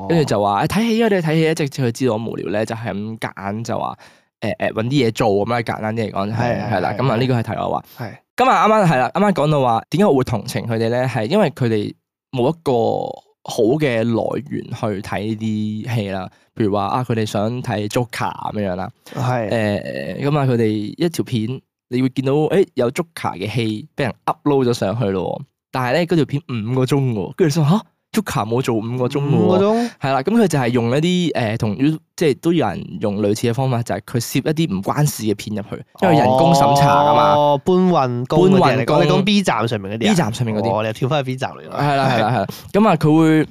跟住就話睇戲啊，你睇戲一直接佢知道我無聊咧，就係咁夾硬就話誒誒搵啲嘢做咁啊，簡單啲嚟講就係係啦。咁啊，呢個係題外話係。咁啊，啱啱係啦，啱啱講到話點解我會同情佢哋咧？係因為佢哋冇一個。好嘅來源去睇呢啲戲啦，譬如話啊，佢哋想睇 Joker 咁樣啦，係誒、哦，咁啊，佢哋、呃、一條片你會見到誒、欸、有 Joker 嘅戲畀人 upload 咗上去咯，但係咧嗰條片五個鐘喎，跟住想吓。足球冇做五個鐘嘅喎，五個鐘？係啦，咁佢就係用一啲誒同，即係都有人用類似嘅方法，就係佢攝一啲唔關事嘅片入去，因為人工審查啊嘛。哦、搬運搬運你，你講你講 B 站上面嗰啲，B 站上面嗰啲、哦，你又跳翻去 B 站嚟啦。係啦，係啦，係啦。咁啊，佢會。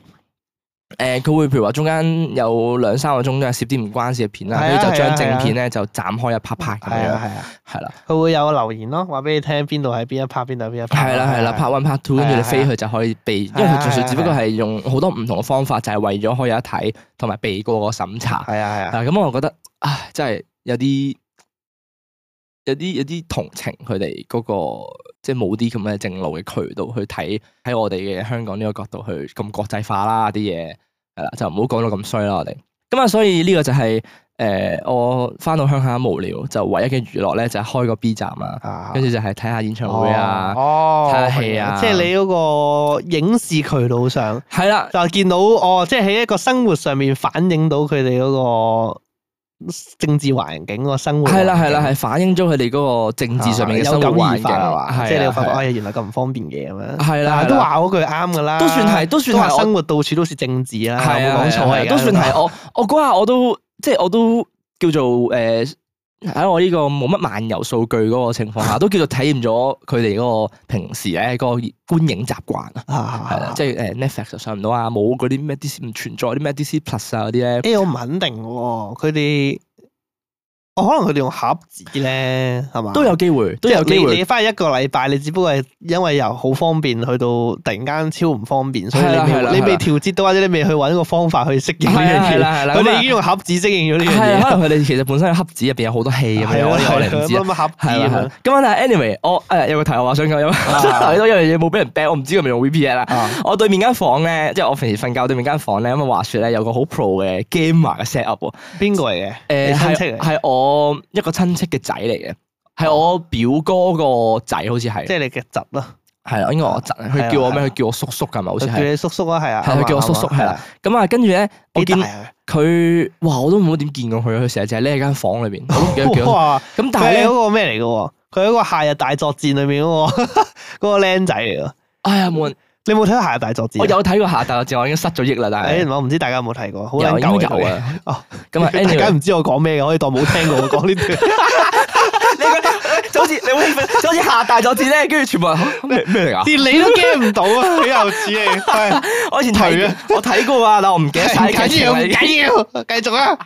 誒，佢會譬如話中間有兩三個鐘，都有攝啲唔關事嘅片啦，所以就將正片咧就斬開一 part part。咁樣係啊係啦。佢會有留言咯，話俾你聽邊度喺邊一 part，a 邊度喺邊一 part。係啦係啦 part one part two 跟住你飛去就可以避，因為佢純粹只不過係用好多唔同嘅方法，就係為咗可以一睇同埋避過個審查。係啊係啊。嗱，咁我覺得，唉，真係有啲有啲有啲同情佢哋嗰個。即係冇啲咁嘅正路嘅渠道去睇，喺我哋嘅香港呢個角度去咁國際化啦啲嘢，係啦，就唔好講到咁衰啦我哋。咁啊，所以呢個就係誒，我翻到鄉下無聊就唯一嘅娛樂咧，就開個 B 站啊，跟住就係睇下演唱會啊，哦哦，睇下戲啊，即係你嗰個影視渠道上係啦，就見到哦，即係喺一個生活上面反映到佢哋嗰個。政治環境，個生活，係啦係啦，係反映咗佢哋嗰個政治上面嘅生活環境，即係你會發覺哦，原來咁唔方便嘅咁樣。係啦，都話嗰句啱㗎喇，都算係，都算係生活到處都是政治啦，冇講錯係。都算係我我嗰下我都即係我都叫做誒。喺我呢個冇乜漫遊數據嗰個情況下， 都叫做體驗咗佢哋嗰個平時咧嗰個觀影習慣啊，係啊、 呃，即係誒 Netflix 就上唔到啊，冇嗰啲咩 Disney 啲唔存在啲咩 Disney Plus 啊嗰啲咧，誒我唔穩定喎，佢哋。 可能佢哋用盒子咧，係嘛，都有機會，都有機會。你翻去一個禮拜，你只不過係因為由好方便去到突然間超唔方便，所以你未你未調節到，或者你未去揾個方法去適應呢樣嘢。佢哋已經用盒子適應咗呢樣嘢。佢哋其實本身係盒子入邊有好多戲，咁樣啲概念。咁啊，Anyway，我有個題我話想講，有冇多一樣嘢冇俾人 back？我唔知佢咪用 VPN 啦。我對面間房咧，即係我平時瞓覺對面間房咧，咁啊話說咧有個好 pro 嘅 gamer 嘅 set up，邊個嚟嘅？誒，係係我。我一個親戚嘅仔嚟嘅，係我表哥個仔，好似係，即係你嘅侄啦，係啦，應該我侄，佢叫我咩？佢叫我叔叔噶嘛，好似係，叫你叔叔啊，係啊，係的佢叫我叔叔，係啦的，咁啊，跟住咧，我見佢，哇，我都冇點見過佢，佢成日就係匿喺間房裏邊，哇，咁 但係你嗰呢 個咩嚟嘅？佢喺個夏日大作戰裏面嗰、那個嗰 個僆仔嚟嘅，哎呀，悶。你有冇睇過《夏日大作戰》？我有睇過《夏日大作戰》，我已經失咗憶啦，但係、 哎、我唔知大家有冇睇過，好耐搞嚟。哦，咁啊， 大家唔知我講咩嘅，可以當冇聽過我講呢啲。你會好似下大作戰咧，跟住全部咩咩嚟噶？連你都驚唔到啊！好幼稚啊！我以前睇啊，我睇過啊，但我唔記得晒。唔緊要，唔緊要，繼續啊！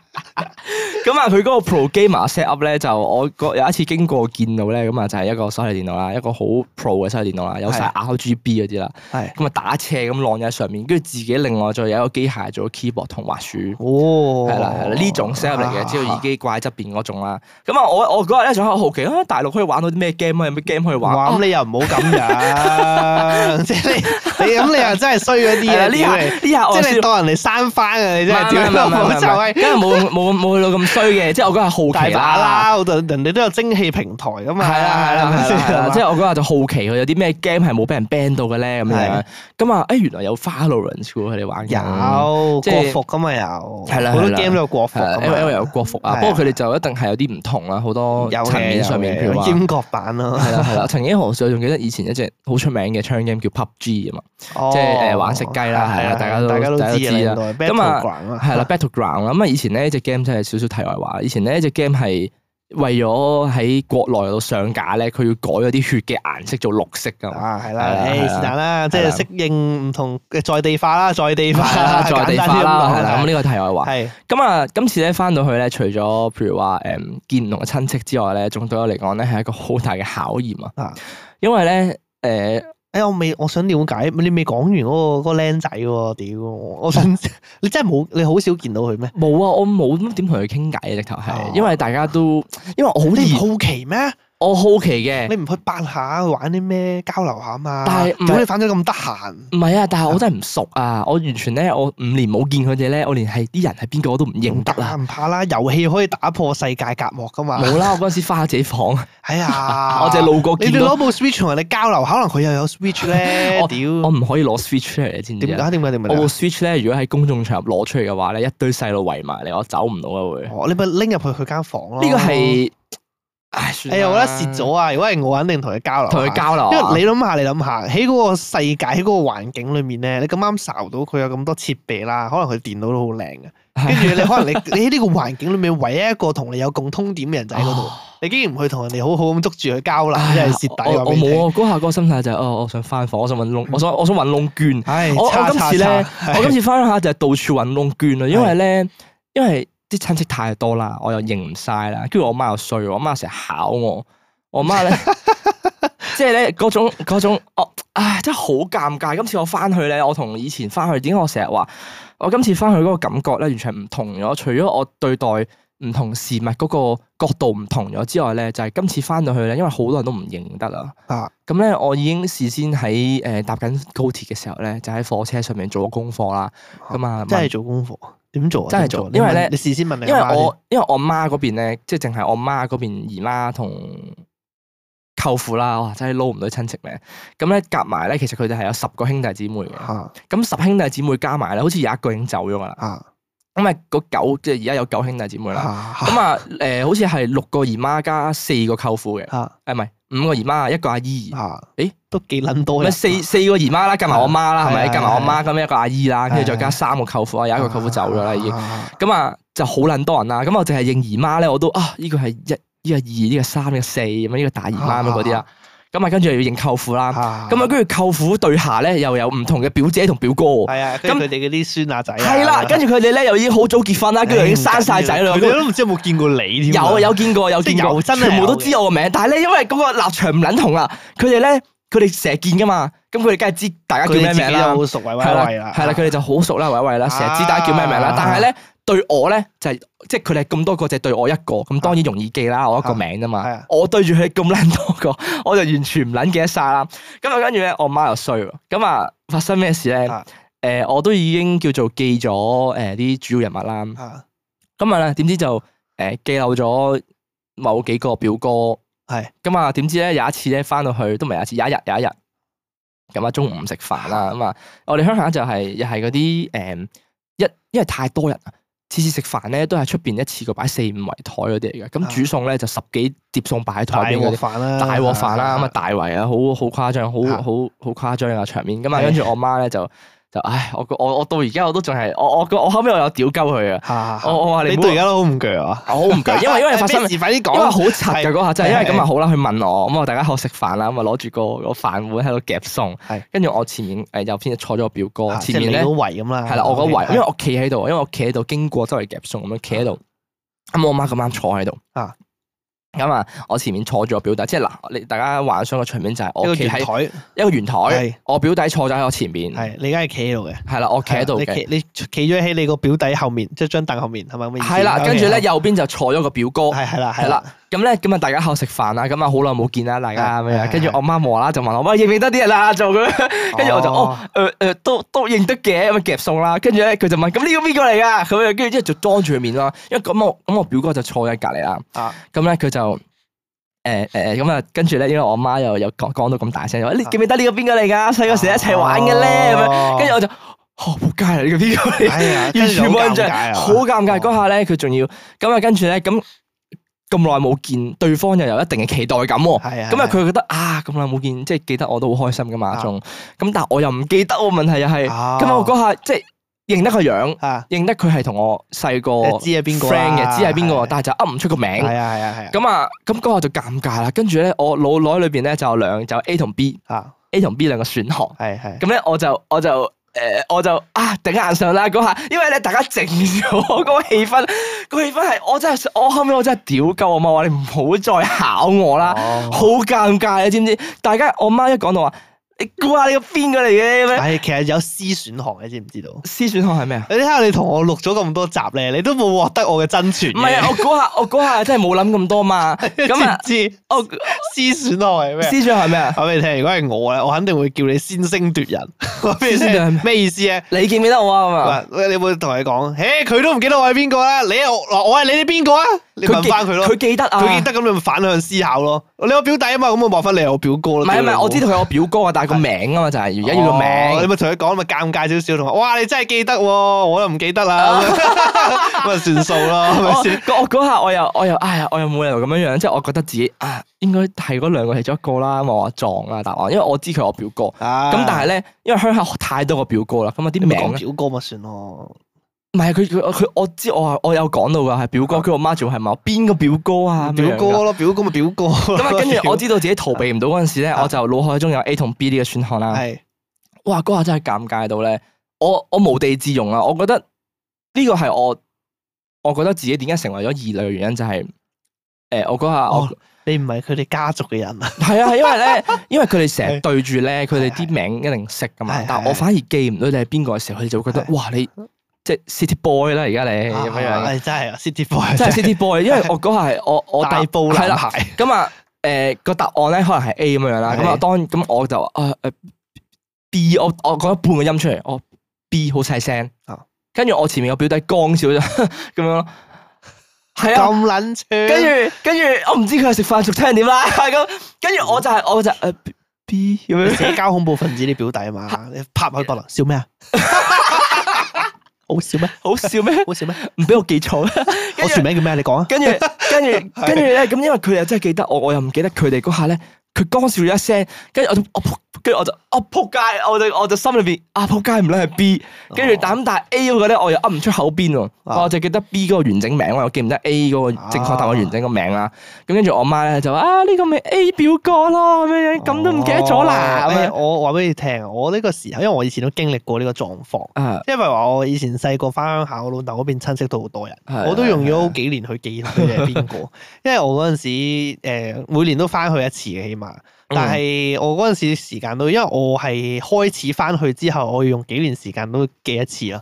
咁啊，佢嗰個 Pro Gamer set up 咧，就我有一次經過見到咧，咁啊，就係一個手提電腦啦，一個好 pro 嘅手提電腦啦，有晒 RGB 嗰啲啦，咁啊，打斜咁晾喺上面，跟住自己另外再有一個機械做 keyboard 同滑鼠，哦，係啦，係啦，呢種 set up 嚟嘅，只要耳機掛側邊嗰種啦。咁啊，我我嗰日咧仲係好奇啊，大陸可以玩到啲咩 game 啊？有咩 game 可以玩？咁你又唔好咁樣，即係你你咁你又真係衰嗰啲啊！呢下呢下，即係當人哋閂返啊！你真係點啊？真係冇冇冇去到咁衰嘅，即係我嗰日好奇啦，人哋都有蒸汽平台㗎嘛。係啦係啦，即係我嗰日就好奇佢有啲咩 game 係冇俾人 ban 到嘅咧咁樣。咁啊，哎原來有 followers 喎，佢哋玩有國服㗎嘛有，係啦好多 game 都有國服，L L 有國服啊。不過佢哋就一定係有啲唔同啦，好多層面上面譬如話。國版咯、啊， 係啦，係啦。曾經何時我仲記得以前一隻好出名嘅槍 game 叫 PUBG 啊嘛，oh，即係誒玩食雞啦，係啦，大家都大家都知啦。咁啊，係啦了了，Battle Ground 啦，嗯。咁啊， ground, 以前咧隻 game 真係少少題外話。以前咧隻 game 係。這個為咗喺國內度上架咧，佢要改咗啲血嘅顏色做綠色噶。啊，係啦，誒，是但啦，即係適應唔同嘅在地化啦，在地化 在地化啦，係啦。 咁呢個題外話。係。咁啊，今次咧翻到去咧，除咗譬如話誒見唔同嘅親戚之外咧，仲對我嚟講咧係一個好大嘅考驗啊。啊。 因為咧，誒、呃。哎，我未，我想了解，你未講完嗰、嗰個嗰僆仔喎，屌、那個，我想 你真係冇，你好少見到佢咩？冇啊，我冇點同佢傾偈啊，直頭係，因為大家都，啊、因為我好好奇咩？我好奇嘅，你唔去辦下玩啲咩交流下嘛？但係點解你反咗咁得閒？唔係啊，但係我真係唔熟啊，我完全咧，我五年冇見佢哋咧，我連係啲人係邊個我都唔認得啦。唔怕啦，遊戲可以打破世界隔膜噶嘛。冇 啦，我嗰時翻下自己房。 哎呀， 我淨係路過。你哋攞部 Switch 同人哋交流，可能佢又有 Switch 咧。我我唔可以攞 Switch 出嚟你知唔知點解？點解？我部 Switch 咧，如果喺公眾場合攞出嚟嘅話咧，一堆細路圍埋嚟，我走唔到啊會。哦，你咪拎入去佢間房咯。呢個係。哎呀，唉算我覺得蝕咗啊！如果係我，肯定同佢交流，同佢交流、啊。因為你諗下，你諗下，喺嗰個世界，喺嗰個環境裏面咧，你咁啱睄到佢有咁多設備啦，可能佢電腦都好靚嘅。跟住 你可能你你喺呢個環境裏面，唯一一個同你有共通點嘅人就喺嗰度。 你竟然唔去同人哋好好咁捉住佢交流，真係蝕底咗。我冇啊！嗰下嗰個心態就係、是，哦，我想翻房，我想揾窿，我想我想揾窿捐。唉我差我今次咧，我今次翻鄉下就係到處揾窿捐啊，因為咧，因為。的啲親戚太多啦，我又認唔晒啦，跟住我媽又衰，我媽又成日考我，我媽咧， 即係咧嗰種嗰種，哦，唉，真係好尷尬。今次我翻去咧，我同以前翻去，點解我成日話，我今次翻去嗰個感覺咧，完全唔同咗。除咗我對待唔同事物嗰個角度唔同咗之外咧，就係、是、今次翻到去咧，因為好多人都唔認得啦。咁咧、啊、我已經事先喺誒搭緊高鐵嘅時候咧，就喺火車上面做咗功課啦。咁、嗯、啊，真係做功課。點做？真係做，因為咧，你事先問明，因為我因為我媽嗰邊咧，對 即係淨係我媽嗰邊姨媽同舅父啦，哇對、哦，真係撈唔到親戚咧。咁咧夾埋咧，其實佢哋係有十個兄弟姊妹嘅。咁、啊、十兄弟姊妹加埋咧，好似有一個已經走咗㗎啦。咁啊九，九即係而家有九兄弟姊妹啦。咁啊，誒，好似係六個姨媽加四個舅父嘅。誒，唔係。五個姨媽一個阿姨，誒，都幾捻多人。四四個姨媽啦，加埋我媽啦，係咪？加埋我媽咁樣一個阿姨啦，跟住再加三個舅父啊，有一個舅父走咗啦，已經。咁啊，就好捻多人啦。咁我淨係認姨媽咧，我都啊，呢個係一，呢個二，呢個三，呢個四，咁樣呢個大姨媽咁嗰啲啦。咁啊，跟住又要認舅父啦。咁啊，跟住舅父對下咧，又有唔同嘅表姐同表哥。係啊，跟佢哋嗰啲孫啊仔。係啦，跟住佢哋咧，又已經好早結婚啦，跟住已經生晒仔女。佢都唔知有冇見過你添？有，有見過，有見過，全部都知我個名。但係咧，因為嗰個立場唔撚同啦，佢哋咧，佢哋成日見噶嘛，咁佢哋梗係知大家叫咩名啦。好熟維維啦，係啦，佢哋就好熟啦，維維啦，成日知大家叫咩名啦，但係咧。對我咧就係、是、即係佢哋咁多個就對我一個，咁當然容易記啦，我一個名啊嘛真是真是。我對住佢咁捻多個，我就完全唔捻記得晒啦。咁啊跟住咧，我媽又衰，咁啊發生咩事咧？誒、呃，我都已經叫做記咗誒啲主要人物啦。咁啊，點真是知就誒、呃、記漏咗某幾個表哥。係咁啊？點真是知咧有一次咧翻到去都唔係有一次，有一日有一日咁啊，中午食飯啦咁啊，呃嗯、我哋鄉下就係又係嗰啲誒，一、嗯呃、因，因，因，因，因，因，因為太多人啊。次次食飯咧都係出邊一次過擺四五圍台嗰啲嚟嘅，咁、啊、煮餸咧就十幾碟餸擺喺台，大鑊，大鑊飯啦，大鑊飯啦咁啊大圍啊，好好誇張，好好好誇張啊場面咁啊，跟住我媽咧就。唉，我我我到而家我都仲係，我我我後尾我有屌鳩佢啊！我我話你到而家都好唔攰啊！我好唔攰，因為因為發生咩事，快啲講，因為好齊嗰下，就因為咁啊好啦，佢問我咁我大家學食飯啦，咁啊攞住個個飯碗喺度夾餸，跟住我前面誒右邊坐咗個表哥，前面咧好圍咁啦，係啦，我個圍，因為我企喺度，因為我企喺度經過周圍夾餸咁樣企喺度，咁我媽咁啱坐喺度啊。咁啊！我前面坐住我表弟，即係嗱，你大家幻想個場面就係我企喺台。一個圓台，我表弟坐咗喺我前面。係你而家係企喺度嘅，係啦，我企喺度。你你企咗喺你個表弟後面，即係張凳後面，係咪咁嘅意思？係啦，跟住咧右邊就坐咗個表哥。係係啦，係啦。咁咧，咁啊，大家喺度食飯啦，咁啊，好耐冇見啦，大家咁樣，跟住我媽無啦啦就問我：，喂，認唔認得啲人啦？做佢？跟住我就，哦，誒誒，都都認得嘅，咁夾餸啦。跟住咧，佢就問：，咁呢個邊個嚟噶？咁樣，跟住之後就當住佢面啦。因為咁我咁我表哥就坐喺隔籬啦。啊。咁咧，佢就，誒誒，咁啊，跟住咧，因為我媽又有講講到咁大聲，我話你記唔記得呢個邊個嚟噶？細個時一齊玩嘅咧，咁樣。哦。跟住我就，仆街啦！呢個邊個嚟？跟住我尷尬啊！好尷尬嗰下咧，佢仲要咁啊，跟住咧咁。咁耐冇見，對方又有一定嘅期待感，咁啊佢覺得啊咁耐冇見，即係記得我都好開心噶嘛，仲咁，但係我又唔記得，我問題又係咁我嗰下即係認得個樣，認得佢係同我細個知係邊個 friend 嘅，知係邊個，但係就噏唔出個名，係啊係啊係，咁啊咁嗰下就尷尬啦，跟住咧我腦海裏邊咧就有兩就 A 同 B，A 同 B 兩個選項，係係，咁咧我就我就。誒我就啊頂硬上啦嗰下，因為咧大家靜咗，個氣氛、個氣氛係我真係，我後屘我真係屌鳩我媽話，你唔好再考我啦，好、oh. 尷尬你知唔知？大家我媽一講到話。你估下你個邊個嚟嘅咩？係其實有 C 選項，你知唔知道？C 選項係咩啊？你睇下你同我錄咗咁多集咧，你都冇獲得我嘅真傳。唔係，我估下，我估下真係冇諗咁多嘛。咁唔知哦？C 選項係咩？C 選係咩啊？講俾你聽，如果係我咧，我肯定會叫你先聲奪人。先聲奪人咩意思啊？你記唔記得我啊？唔係，你會同佢講，誒，佢都唔記得我係邊個啊？你啊，我係你啲邊個啊？你問翻佢咯。佢記得啊？佢記得咁，你咪反向思考咯。你我表弟啊嘛，咁我話翻你係我表哥咯。唔係唔係，我知道佢係我表哥啊，但。個名啊嘛，就係而家要個名，你咪同佢講咪尷尬少少，同話哇你真係記得，我都唔記得啦，咁啊 算數了啦，係咪先？我嗰下我又我又哎呀我又冇理由咁樣樣，即係我覺得自己啊應該係嗰兩個其中一個啦，我話撞啦答案，因為我知佢我表哥，咁、啊、但係咧因為鄉下太多個表哥啦，咁啊啲名。表哥咪算咯。唔係佢佢佢，我知我我有講到㗎，係表哥佢阿、嗯、媽做係咪？邊個表哥啊？表哥咯，表哥咪表哥。咁啊，跟住我知道自己逃避唔到嗰陣時咧，是的 我就腦海中有 A 同 B 呢個選項啦。係。是的 哇！嗰下真係尷尬到咧，我我無地自容啊！我覺得呢個係我我覺得自己點解成為咗異類嘅原因就係、是、誒、欸、我嗰下我、哦、你唔係佢哋家族嘅人啊 ？係啊，係因為咧，因為佢哋成日對住咧，佢哋啲名一定識㗎嘛。是的 但係我反而記唔到你係邊個嘅時候，佢哋就會覺得是的 哇你。即係 City Boy 啦，而家你咁樣樣，係真係 City Boy，真係 City Boy。因為我嗰下係我我戴布蘭鞋，咁啊，誒個答案咧可能係 A 咁樣樣啦。咁啊，當咁我就啊誒 B，我我講一半個音出嚟，我 B 好細聲，跟住我前面個表弟奸笑咁樣咯，係啊，咁撚串。跟住跟住我唔知佢食飯續聽點啦。咁跟住我就係我就誒 B 咁樣，社交恐怖分子啲表弟啊嘛，你拍開布蘭笑咩啊？好笑咩？好笑咩？好笑咩？唔俾我記錯咧 後，我全名叫咩？你講啊！跟住，跟住，跟住咧，咁因為佢又真係記得我，我又唔記得佢哋嗰下咧，佢乾笑咗一聲，跟住我就我。我跟住我就，我扑街，我就我就心裏邊，啊扑街唔理係 B，跟住膽大 A，我覺得我又噏唔出口邊喎、啊，我就記得 B 嗰個完整名，我又記唔得 A 嗰個正確答案完整個名啦。咁跟住我媽咧就話啊呢、呢個咪 A 表哥咯咁樣，咁都唔記得咗啦。我話俾你聽，我呢個時候，因為我以前都經歷過呢個狀況，啊、因為話我以前細個翻鄉下，我老豆嗰邊親戚都好多人，我都用咗好幾年去記佢係邊個，因為我嗰陣時誒每年都翻去一次嘅起碼。但係我嗰陣時時間都，因為我係開始翻去之後，我要用幾年時間都記一次咯。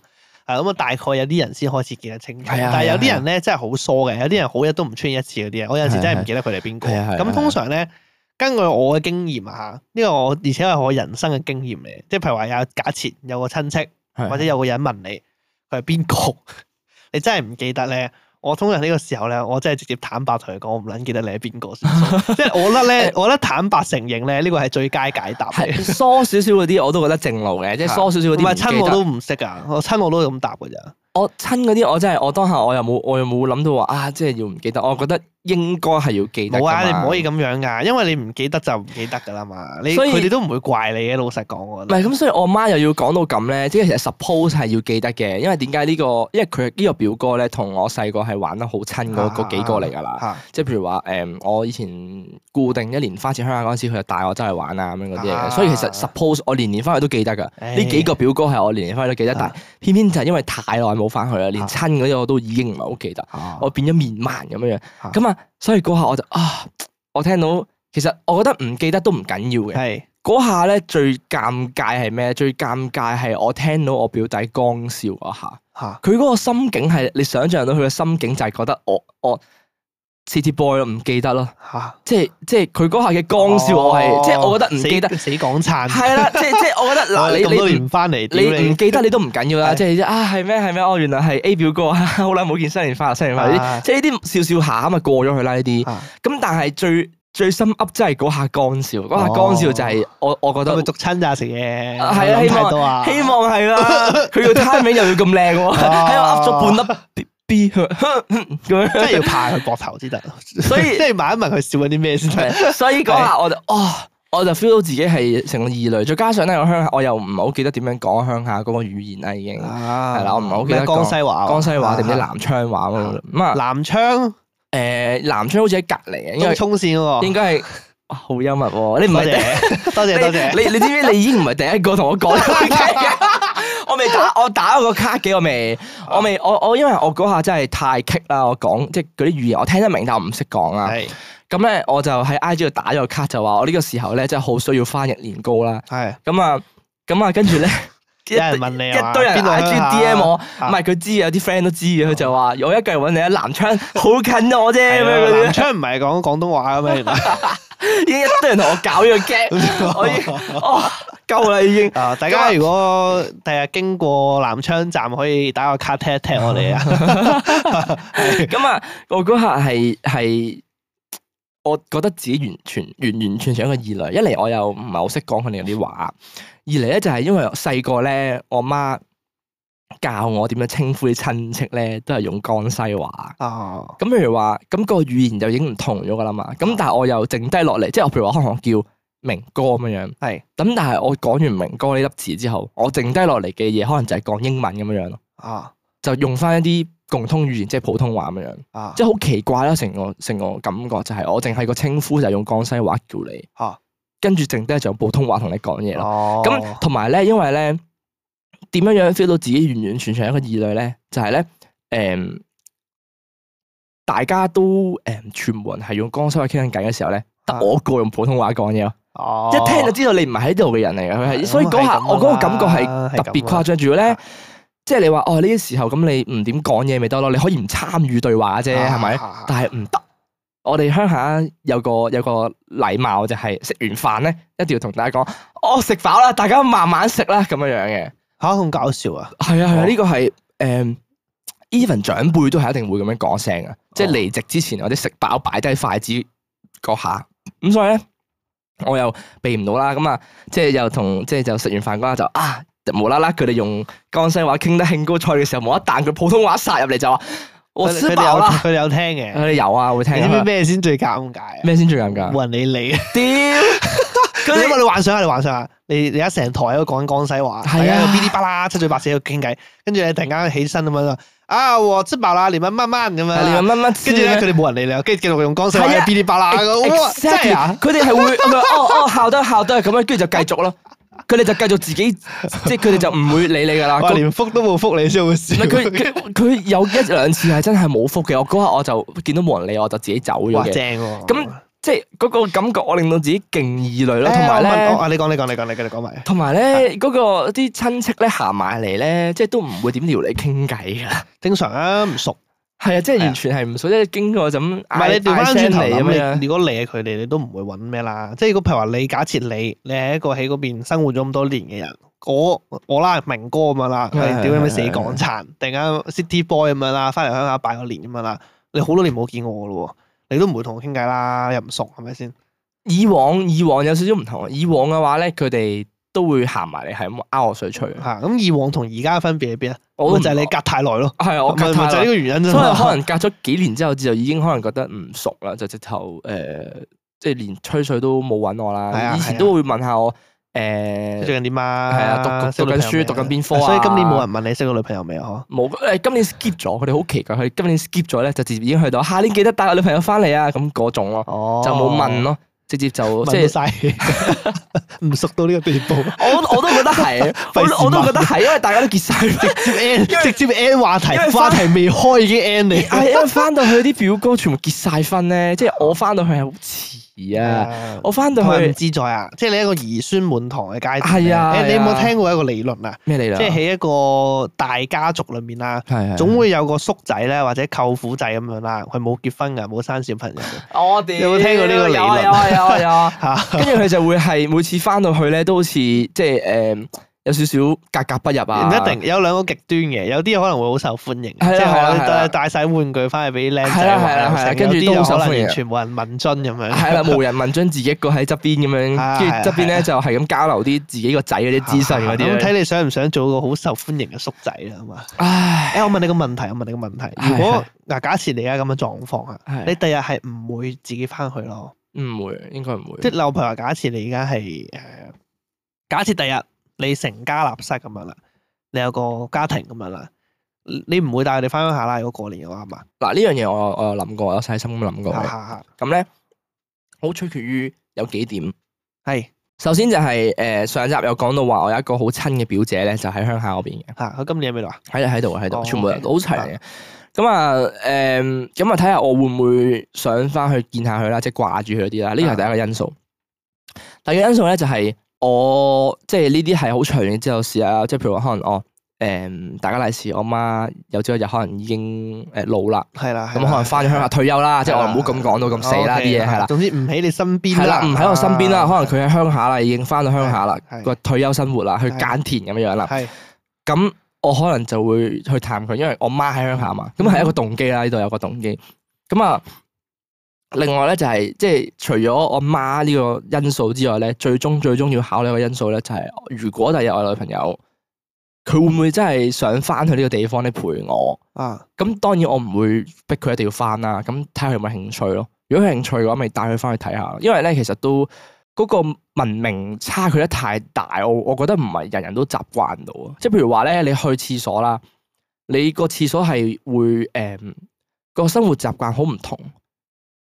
咁啊、嗯，大概有啲人先開始記得清楚，啊、但係有啲人咧、啊、真係好疏嘅，有啲人好日都唔出現一次嗰啲、啊、我有陣時真係唔記得佢哋邊個。咁、啊啊、通常咧，根據我嘅經驗啊，呢個我而且係我人生嘅經驗嚟，即係譬如話有假設有個親戚或者有個人問你佢係邊個，啊、 你真係唔記得咧。我通常呢個時候咧，我真係直接坦白同佢講，我唔捻記得你係邊個先。 即係我覺得咧， 我覺得坦白承認咧，呢個係最佳解答。 係疏少少嗰啲，我都覺得正路嘅，即係疏少少嗰啲。唔係親我都唔識噶，的我親我都係咁答噶咋。我親嗰啲，我真係我當下我又冇我又冇諗到話啊，即係要唔記得，我覺得應該係要記得。啊，你唔可以咁樣噶、啊，因為你唔記得就唔記得噶啦嘛。所以佢哋都唔會怪你嘅、啊，老實講我覺得。唔係咁，所以我媽又要講到咁咧，即係其實 suppose 係要記得嘅，因為點解呢個？因為佢呢個表哥咧，同我細個係玩得好親嗰嗰幾個嚟噶啦。啊啊、即係譬如話誒、嗯，我以前固定一年翻次鄉下嗰陣時，佢就帶我出嚟玩啊咁樣嗰啲嘢。啊、所以其實 suppose 我年年翻去都記得噶，呢、欸、幾個表哥係我年年翻去都記得，但偏偏就係因為太耐。冇翻去啦，連親嗰啲我都已經唔係好記得，啊、我變咗面盲咁樣樣，咁啊，所以嗰下我就啊，我聽到，其實我覺得唔記得都唔緊要嘅，係嗰下咧最尷尬係咩？最尷尬係我聽到我表弟江笑嗰下，吓、啊，佢嗰個心境係你想象到佢嘅心境就係覺得我我。City Boy 咯，唔記得咯，吓，即係即係佢嗰下嘅乾笑，我係即係，我覺得唔記得死港燦，係啦，即係即係，我覺得嗱，你你唔翻嚟，你唔記得你都唔緊要啦，即係啊，係咩係咩，哦，原來係 A 表哥，好耐冇見，新年快樂，新年快樂，即係呢啲笑笑下咁咪過咗佢啦呢啲，咁但係最最心噏即係嗰下乾笑，嗰下乾笑就係我我覺得，佢續親咋食嘢，係啊，希望希望係啦，佢個 timing 又要咁靚，喺度噏咗半粒。即係要拍佢膊頭先得，所以即係問一問佢笑緊啲咩先。所以嗰下我就，哦，我就 feel 到自己係成個異類。再加上咧，我鄉下我又唔係好記得點樣講鄉下嗰個語言啦，已經係啦，我唔係好記得江西話、江西話定唔知南昌話咁啊，南昌誒，南昌好似喺隔籬啊，因為沖線喎，應該係好幽默喎，你唔好多謝多謝。你你知唔知你已經唔係第一個同我講？我未打，我打個卡嘅我未，我未我我因為我嗰下真係太激啦，我講即係嗰啲語言我聽得明，但我唔識講啦。係咁咧，我就喺 I G 度打咗個卡，就話我呢個時候咧真係好需要翻譯年糕啦。係咁啊，咁啊，跟住咧，有人問你啊，一堆人 I G D M 我，唔係佢知有啲 friend 都知嘅。佢就話我一個人搵你喺南昌，好近我啫。咁樣，南昌唔係講廣東話嘅咩？已經一堆人同我搞呢個 game， 我已哦夠啦，已經。啊、哦， 大家如果第日經過南昌站，可以打個卡聽一聽我哋啊。咁啊，我嗰刻係係，我覺得自己完全完完全完全像一個異類。一嚟我又唔係好識講佢哋啲話，二嚟咧就係因為細個咧，我媽。教我點樣稱呼啲親戚咧，都係用江西話。哦、oh.。咁譬如話，咁個語言就已經唔同咗噶啦嘛。咁、oh. 但係我又剩低落嚟，即係我譬如話可能我叫明哥咁樣。係。咁但係我講完明哥呢粒字之後，我剩低落嚟嘅嘢，可能就係講英文咁樣樣咯。啊。Oh. 就用翻一啲共通語言，即係普通話咁樣。Oh. 啊。即係好奇怪啦，成個成個感覺就係、是、我淨係個稱呼就用江西話叫你。啊。Oh. 跟住剩低就用普通話同你講嘢咯。哦、oh.。咁同埋咧，因為咧。點樣樣 feel 到自己完完全全一個異類咧？就係、是咧，誒、嗯，大家都誒、嗯，全部人係用江西話傾緊偈嘅時候咧，得我個用普通話講嘢咯。哦，一聽就知道你唔係喺度嘅人嚟嘅，嗯、所以嗰下、嗯啊、我嗰個感覺係特別誇張。住咧、啊，即係你話哦呢啲時候咁，你唔點講嘢咪得咯？你可以唔參與對話啫，係咪、啊？吧但係唔得。我哋鄉下有個有個禮貌就係、是食完飯咧，一定要同大家講：我食飽啦，大家慢慢食啦，咁樣樣嘅。嚇咁搞笑啊！係啊係啊，呢個係誒 even 長輩都係一定會咁樣講聲啊！即係離席之前，或者食飽擺低筷子嗰下，咁所以咧我又避唔到啦。咁啊，即係又同即係就食完飯嗰下就啊，無啦啦佢哋用江西話傾得興高彩嘅時候，冇一啖佢普通話殺入嚟就話：我識話啦，佢哋有聽嘅，佢哋有啊，會聽。你知咩先最尷尬？咩先最尷尬？冇人理你嚟。屌！因為你幻想啊，你幻想啊，你你而家成台都講江西話，係呀噼里啪啦、七嘴八舌喺度傾偈，跟住你突然間起身咁樣啊，哇！七百啦，連蚊蚊咁樣，連蚊蚊，跟住咧佢哋冇人理你，跟住繼續用江西話噼里啪啦咁。佢哋係會哦哦，效得效得咁樣，跟住就繼續咯。佢哋就繼續自己，即係佢哋就唔會理你噶啦。佢連覆都冇覆你先會試。佢佢有一兩次係真係冇覆嘅。我嗰下我就見到冇人理，我就自己走咗嘅。正咁。即係嗰、那個感覺，我令到自己勁異類咯。同埋咧，啊你講你講你講你繼續講埋。同埋咧，嗰的、那個啲親、那個、戚咧行埋嚟咧，即係都唔會點撩你傾偈噶。正常啊，唔熟。係啊， 即係完全係唔熟。即係、哎、呀經過就咁。唔係是你調翻轉嚟？咁樣。如果你係佢哋，你都唔會揾咩啦。即係如果譬如話，你假設你你係一個喺嗰邊生活咗咁多年嘅人，我我啦明哥咁樣啦，屌你的樣死港燦，突然間 City Boy 咁樣啦，翻嚟鄉下拜個年咁樣啦，你好多年冇見我噶咯。你都唔會同我傾偈啦，又唔熟係咪先？是是以往以往有少少唔同啊，以往嘅話咧，佢哋都會行埋嚟，係咁拉我水吹吓。咁以往同而家分別喺邊啊？我就係你隔太耐咯，係、啊、我唔係就呢個原因啫。所以可能隔咗幾年之後，就已經可能覺得唔熟啦，就直頭誒，即、呃、係、就是、連吹水都冇揾我啦。係啊以前都會問下我。誒，最近點啊？係啊，讀讀緊書，讀緊邊科啊？所以今年冇人問你識個女朋友未啊？嗬，冇誒，今年 skip 咗，佢哋好奇怪，佢今年 skip 咗咧就直接已經去到，下年記得帶個女朋友翻嚟啊，咁嗰種咯，就冇問咯，直接就問到晒，唔熟到呢個地步。我我都覺得係，我都覺得係，因為大家都結晒，直接 end，直接 end 話題，話題未開已經 end 你。係，因為翻到去啲表哥全部結晒婚咧，即係我翻到去係好遲。啊，yeah, 我翻到去唔自在啊，即係你一個兒孫滿堂嘅階段。係啊，哎呀，誒，哎，你有冇聽過一個理論啊？咩理論？即係喺一個大家族裏面啦，是的 總會有個叔仔咧，或者舅父仔咁樣啦。佢冇結婚嘅，冇生小朋友。 我哦的，有冇聽過呢個理論？有有有。吓，跟住佢就會係每次翻到去咧，都好似即係誒。就是嗯有少少格格不入啊，唔一定有兩個極端嘅，有啲可能會好受歡迎，即係帶帶晒玩具翻去俾啲僆仔玩，跟住好受歡迎，完全冇人問津咁樣。係啦，冇人問津，自己一個喺側邊咁樣，跟住側邊咧就係咁交流啲自己個仔嗰啲姿勢嗰啲。咁睇你想唔想做個好受歡迎嘅叔仔啊嘛？哎，我問你個問題，我問你個問題，如果嗱假設你而家咁嘅狀況啊，你第日係唔會自己翻去咯？唔會，應該唔會。即係我譬如話，假設你而家係誒，假設第日。你成家立室咁樣啦，你有個家庭咁樣啦，你唔會帶佢哋翻鄉下啦？如果過年嘅話，係嘛？嗱，呢樣嘢我我諗過，我有細心咁諗過咁咧，好取決於有幾點。係，首先就係誒，上集有講到話，我有一個好親嘅表姐咧，就喺鄉下嗰邊嘅。吓，佢今年喺邊度啊？喺度，喺度，喺度，全部人都好齊嘅。咁啊，誒，咁啊，睇下我會唔會想翻去見下佢啦，即係掛住佢啲啦。呢個係第一個因素。 第二個因素咧就係。我即係呢啲係好長遠之後事啊！即係譬如話可能我誒大家大事，我媽有朝一日可能已經誒老啦，係啦，咁可能翻咗鄉下退休啦。即係我唔好咁講到咁死啦啲嘢係啦，總之唔喺你身邊係啦，唔喺我身邊啦。可能佢喺鄉下啦，已經翻到鄉下啦，個退休生活啦，去耕田咁樣樣啦。係咁，我可能就會去探佢，因為我媽喺鄉下啊嘛。咁係一個動機啦，呢度有個動機咁啊。另外咧、就是，就係即係除咗我媽呢個因素之外咧，最終最終要考慮嘅因素咧、就是，就係如果第日我女朋友佢會唔會真係想翻去呢個地方咧陪我？啊，咁當然我唔會逼佢一定要翻啦。咁睇下佢有冇興趣咯。如果有興趣嘅話，咪帶佢翻去睇下。因為咧，其實都嗰、嗰個文明差距得太大，我我覺得唔係人人都習慣到。即係譬如話咧，你去廁所啦，你個廁所係會誒個生活習慣好唔同。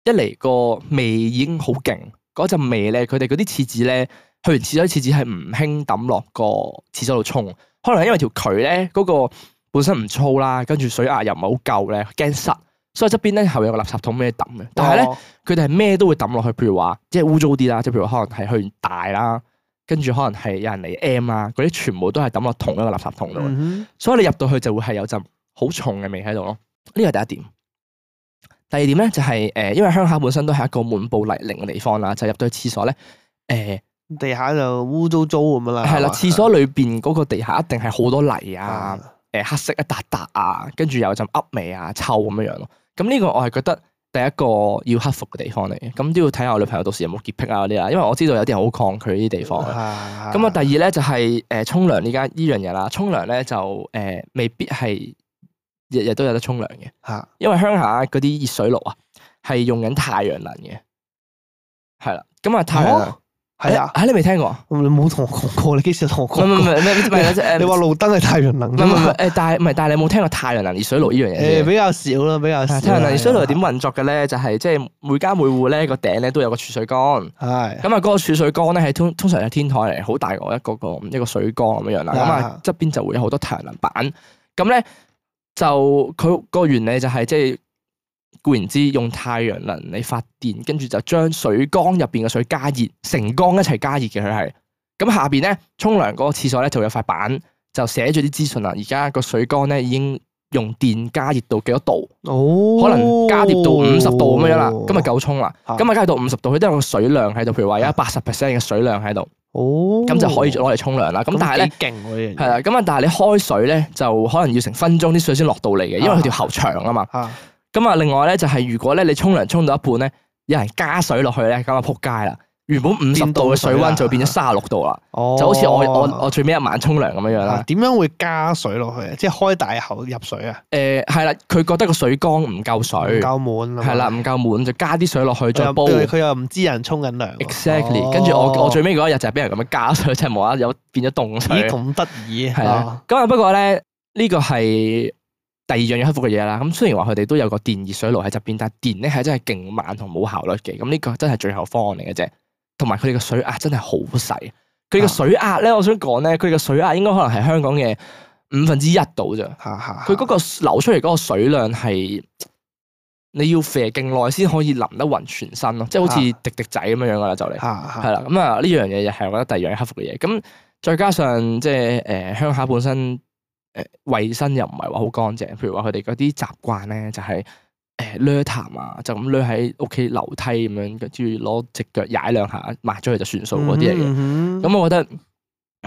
一嚟個味已經好勁，嗰陣味咧，佢哋嗰啲廁紙咧，去完廁所廁紙係唔興抌落個廁所度沖，可能係因為條渠咧嗰、嗰個本身唔粗啦，跟住水壓又唔係好夠咧，驚塞，所以側邊咧係有個垃圾桶咩抌嘅。但係咧，佢哋係咩都會抌落去，譬如話即係污糟啲啦，即係譬如可能係去完大啦，跟住可能係有人嚟 M 啊，嗰啲全部都係抌落同一個垃圾桶度，嗯、哼所以你入到去就會係有陣好重嘅味喺度咯。呢個係第一點。第二點咧，就係、是、誒，因為鄉下本身都係一個滿布泥濘嘅地方啦，就入、是、到去廁所咧，誒、呃，地下就污糟糟咁樣啦。係啦，廁所裏邊嗰個地下一定係好多泥啊，誒、啊，黑色一笪笪啊，跟住有陣噏味啊，臭咁樣這樣咯。咁呢個我係覺得第一個要克服嘅地方嚟嘅，咁都要睇下我女朋友到時有冇潔癖啊嗰啲啦。因為我知道有啲人好抗拒呢啲地方咁啊，啊，第二咧就係誒，沖涼呢間呢樣嘢啦。沖涼咧就誒、呃、未必係。日日都有得沖涼嘅，嚇、啊！因為鄉下嗰啲熱水爐啊，係用緊太陽能嘅，係啦。咁啊，太陽係啊，嚇你未聽過？你冇同我講過，你幾時同我講唔唔你話路燈係太陽能？唔 但係唔係？但係你有冇聽過太陽能熱水爐呢樣嘢？比較少咯，比較少。太陽能熱水爐點運作嘅咧？就係即係每家每戶咧個頂咧都有個儲水缸，係咁啊。嗰個儲水缸咧係通通常係天台嚟，好大個一個個一個,一個水缸咁樣啦。咁啊側邊就會有好多太陽能板，咁咧。就佢個原理就係即係固然之用太陽能嚟發電，跟住就將水缸入邊嘅水加熱，成缸一齊加熱嘅佢係。咁下邊咧沖涼嗰個廁所咧就有塊板就寫，就寫住啲資訊啦。而家個水缸咧已經用電加熱、哦、到幾多度哦？哦，可能加熱到五十度咁樣啦。今日夠沖啦，今日加熱到五十度，佢都有個水量喺度。譬如話有一八十 percent 嘅水量喺度。哦，咁就可以攞嚟沖涼啦。咁但係咧，係啦，咁啊，但係你開水咧，就可能要成分鐘啲水先落到嚟嘅，因為佢條喉長啊嘛。咁啊，另外咧就係如果咧你沖涼沖到一半咧，有人加水落去咧，咁啊，撲街啦。原本五十度嘅水溫就變咗三十六度啦，哦、就好似我我我最尾一晚沖涼咁樣樣啦。點樣會加水落去啊？即係開大口入水啊？誒、呃，係啦，佢覺得個水缸唔夠水，唔夠滿係啦，唔夠滿就加啲水落去再煲。佢又唔知人沖緊涼。Exactly，跟住、哦、我我最尾嗰一日就係俾人咁樣加水，即係冇啦有變咗凍水咁得意係啊？咁啊？的哦、不過咧呢、這個係第二樣要克服嘅嘢啦。咁雖然話佢哋都有個電熱水爐喺側邊，但係電咧係真係勁慢同冇效率嘅。咁呢個真係最後方案嚟嘅啫。同埋佢哋嘅水壓真係好細，佢嘅水壓咧，我想講咧，佢嘅水壓應該可能係香港嘅五分之一度啫。吓吓，佢嗰個流出嚟嗰個水量係，你要肥勁耐先可以淋得匀全身咯，即係好似滴滴仔咁樣樣噶啦， 就嚟。吓吓，係啦，咁啊呢樣嘢又係我覺得第二樣克服嘅嘢。咁再加上即係誒鄉下本身誒衛生又唔係話好乾淨，譬如話佢哋嗰啲習慣咧就係。誒，掠痰啊，就咁掠喺屋企樓梯咁樣，跟住攞隻腳踩兩下，抹咗佢就算數嗰啲嚟嘅。咁，嗯哼，我覺得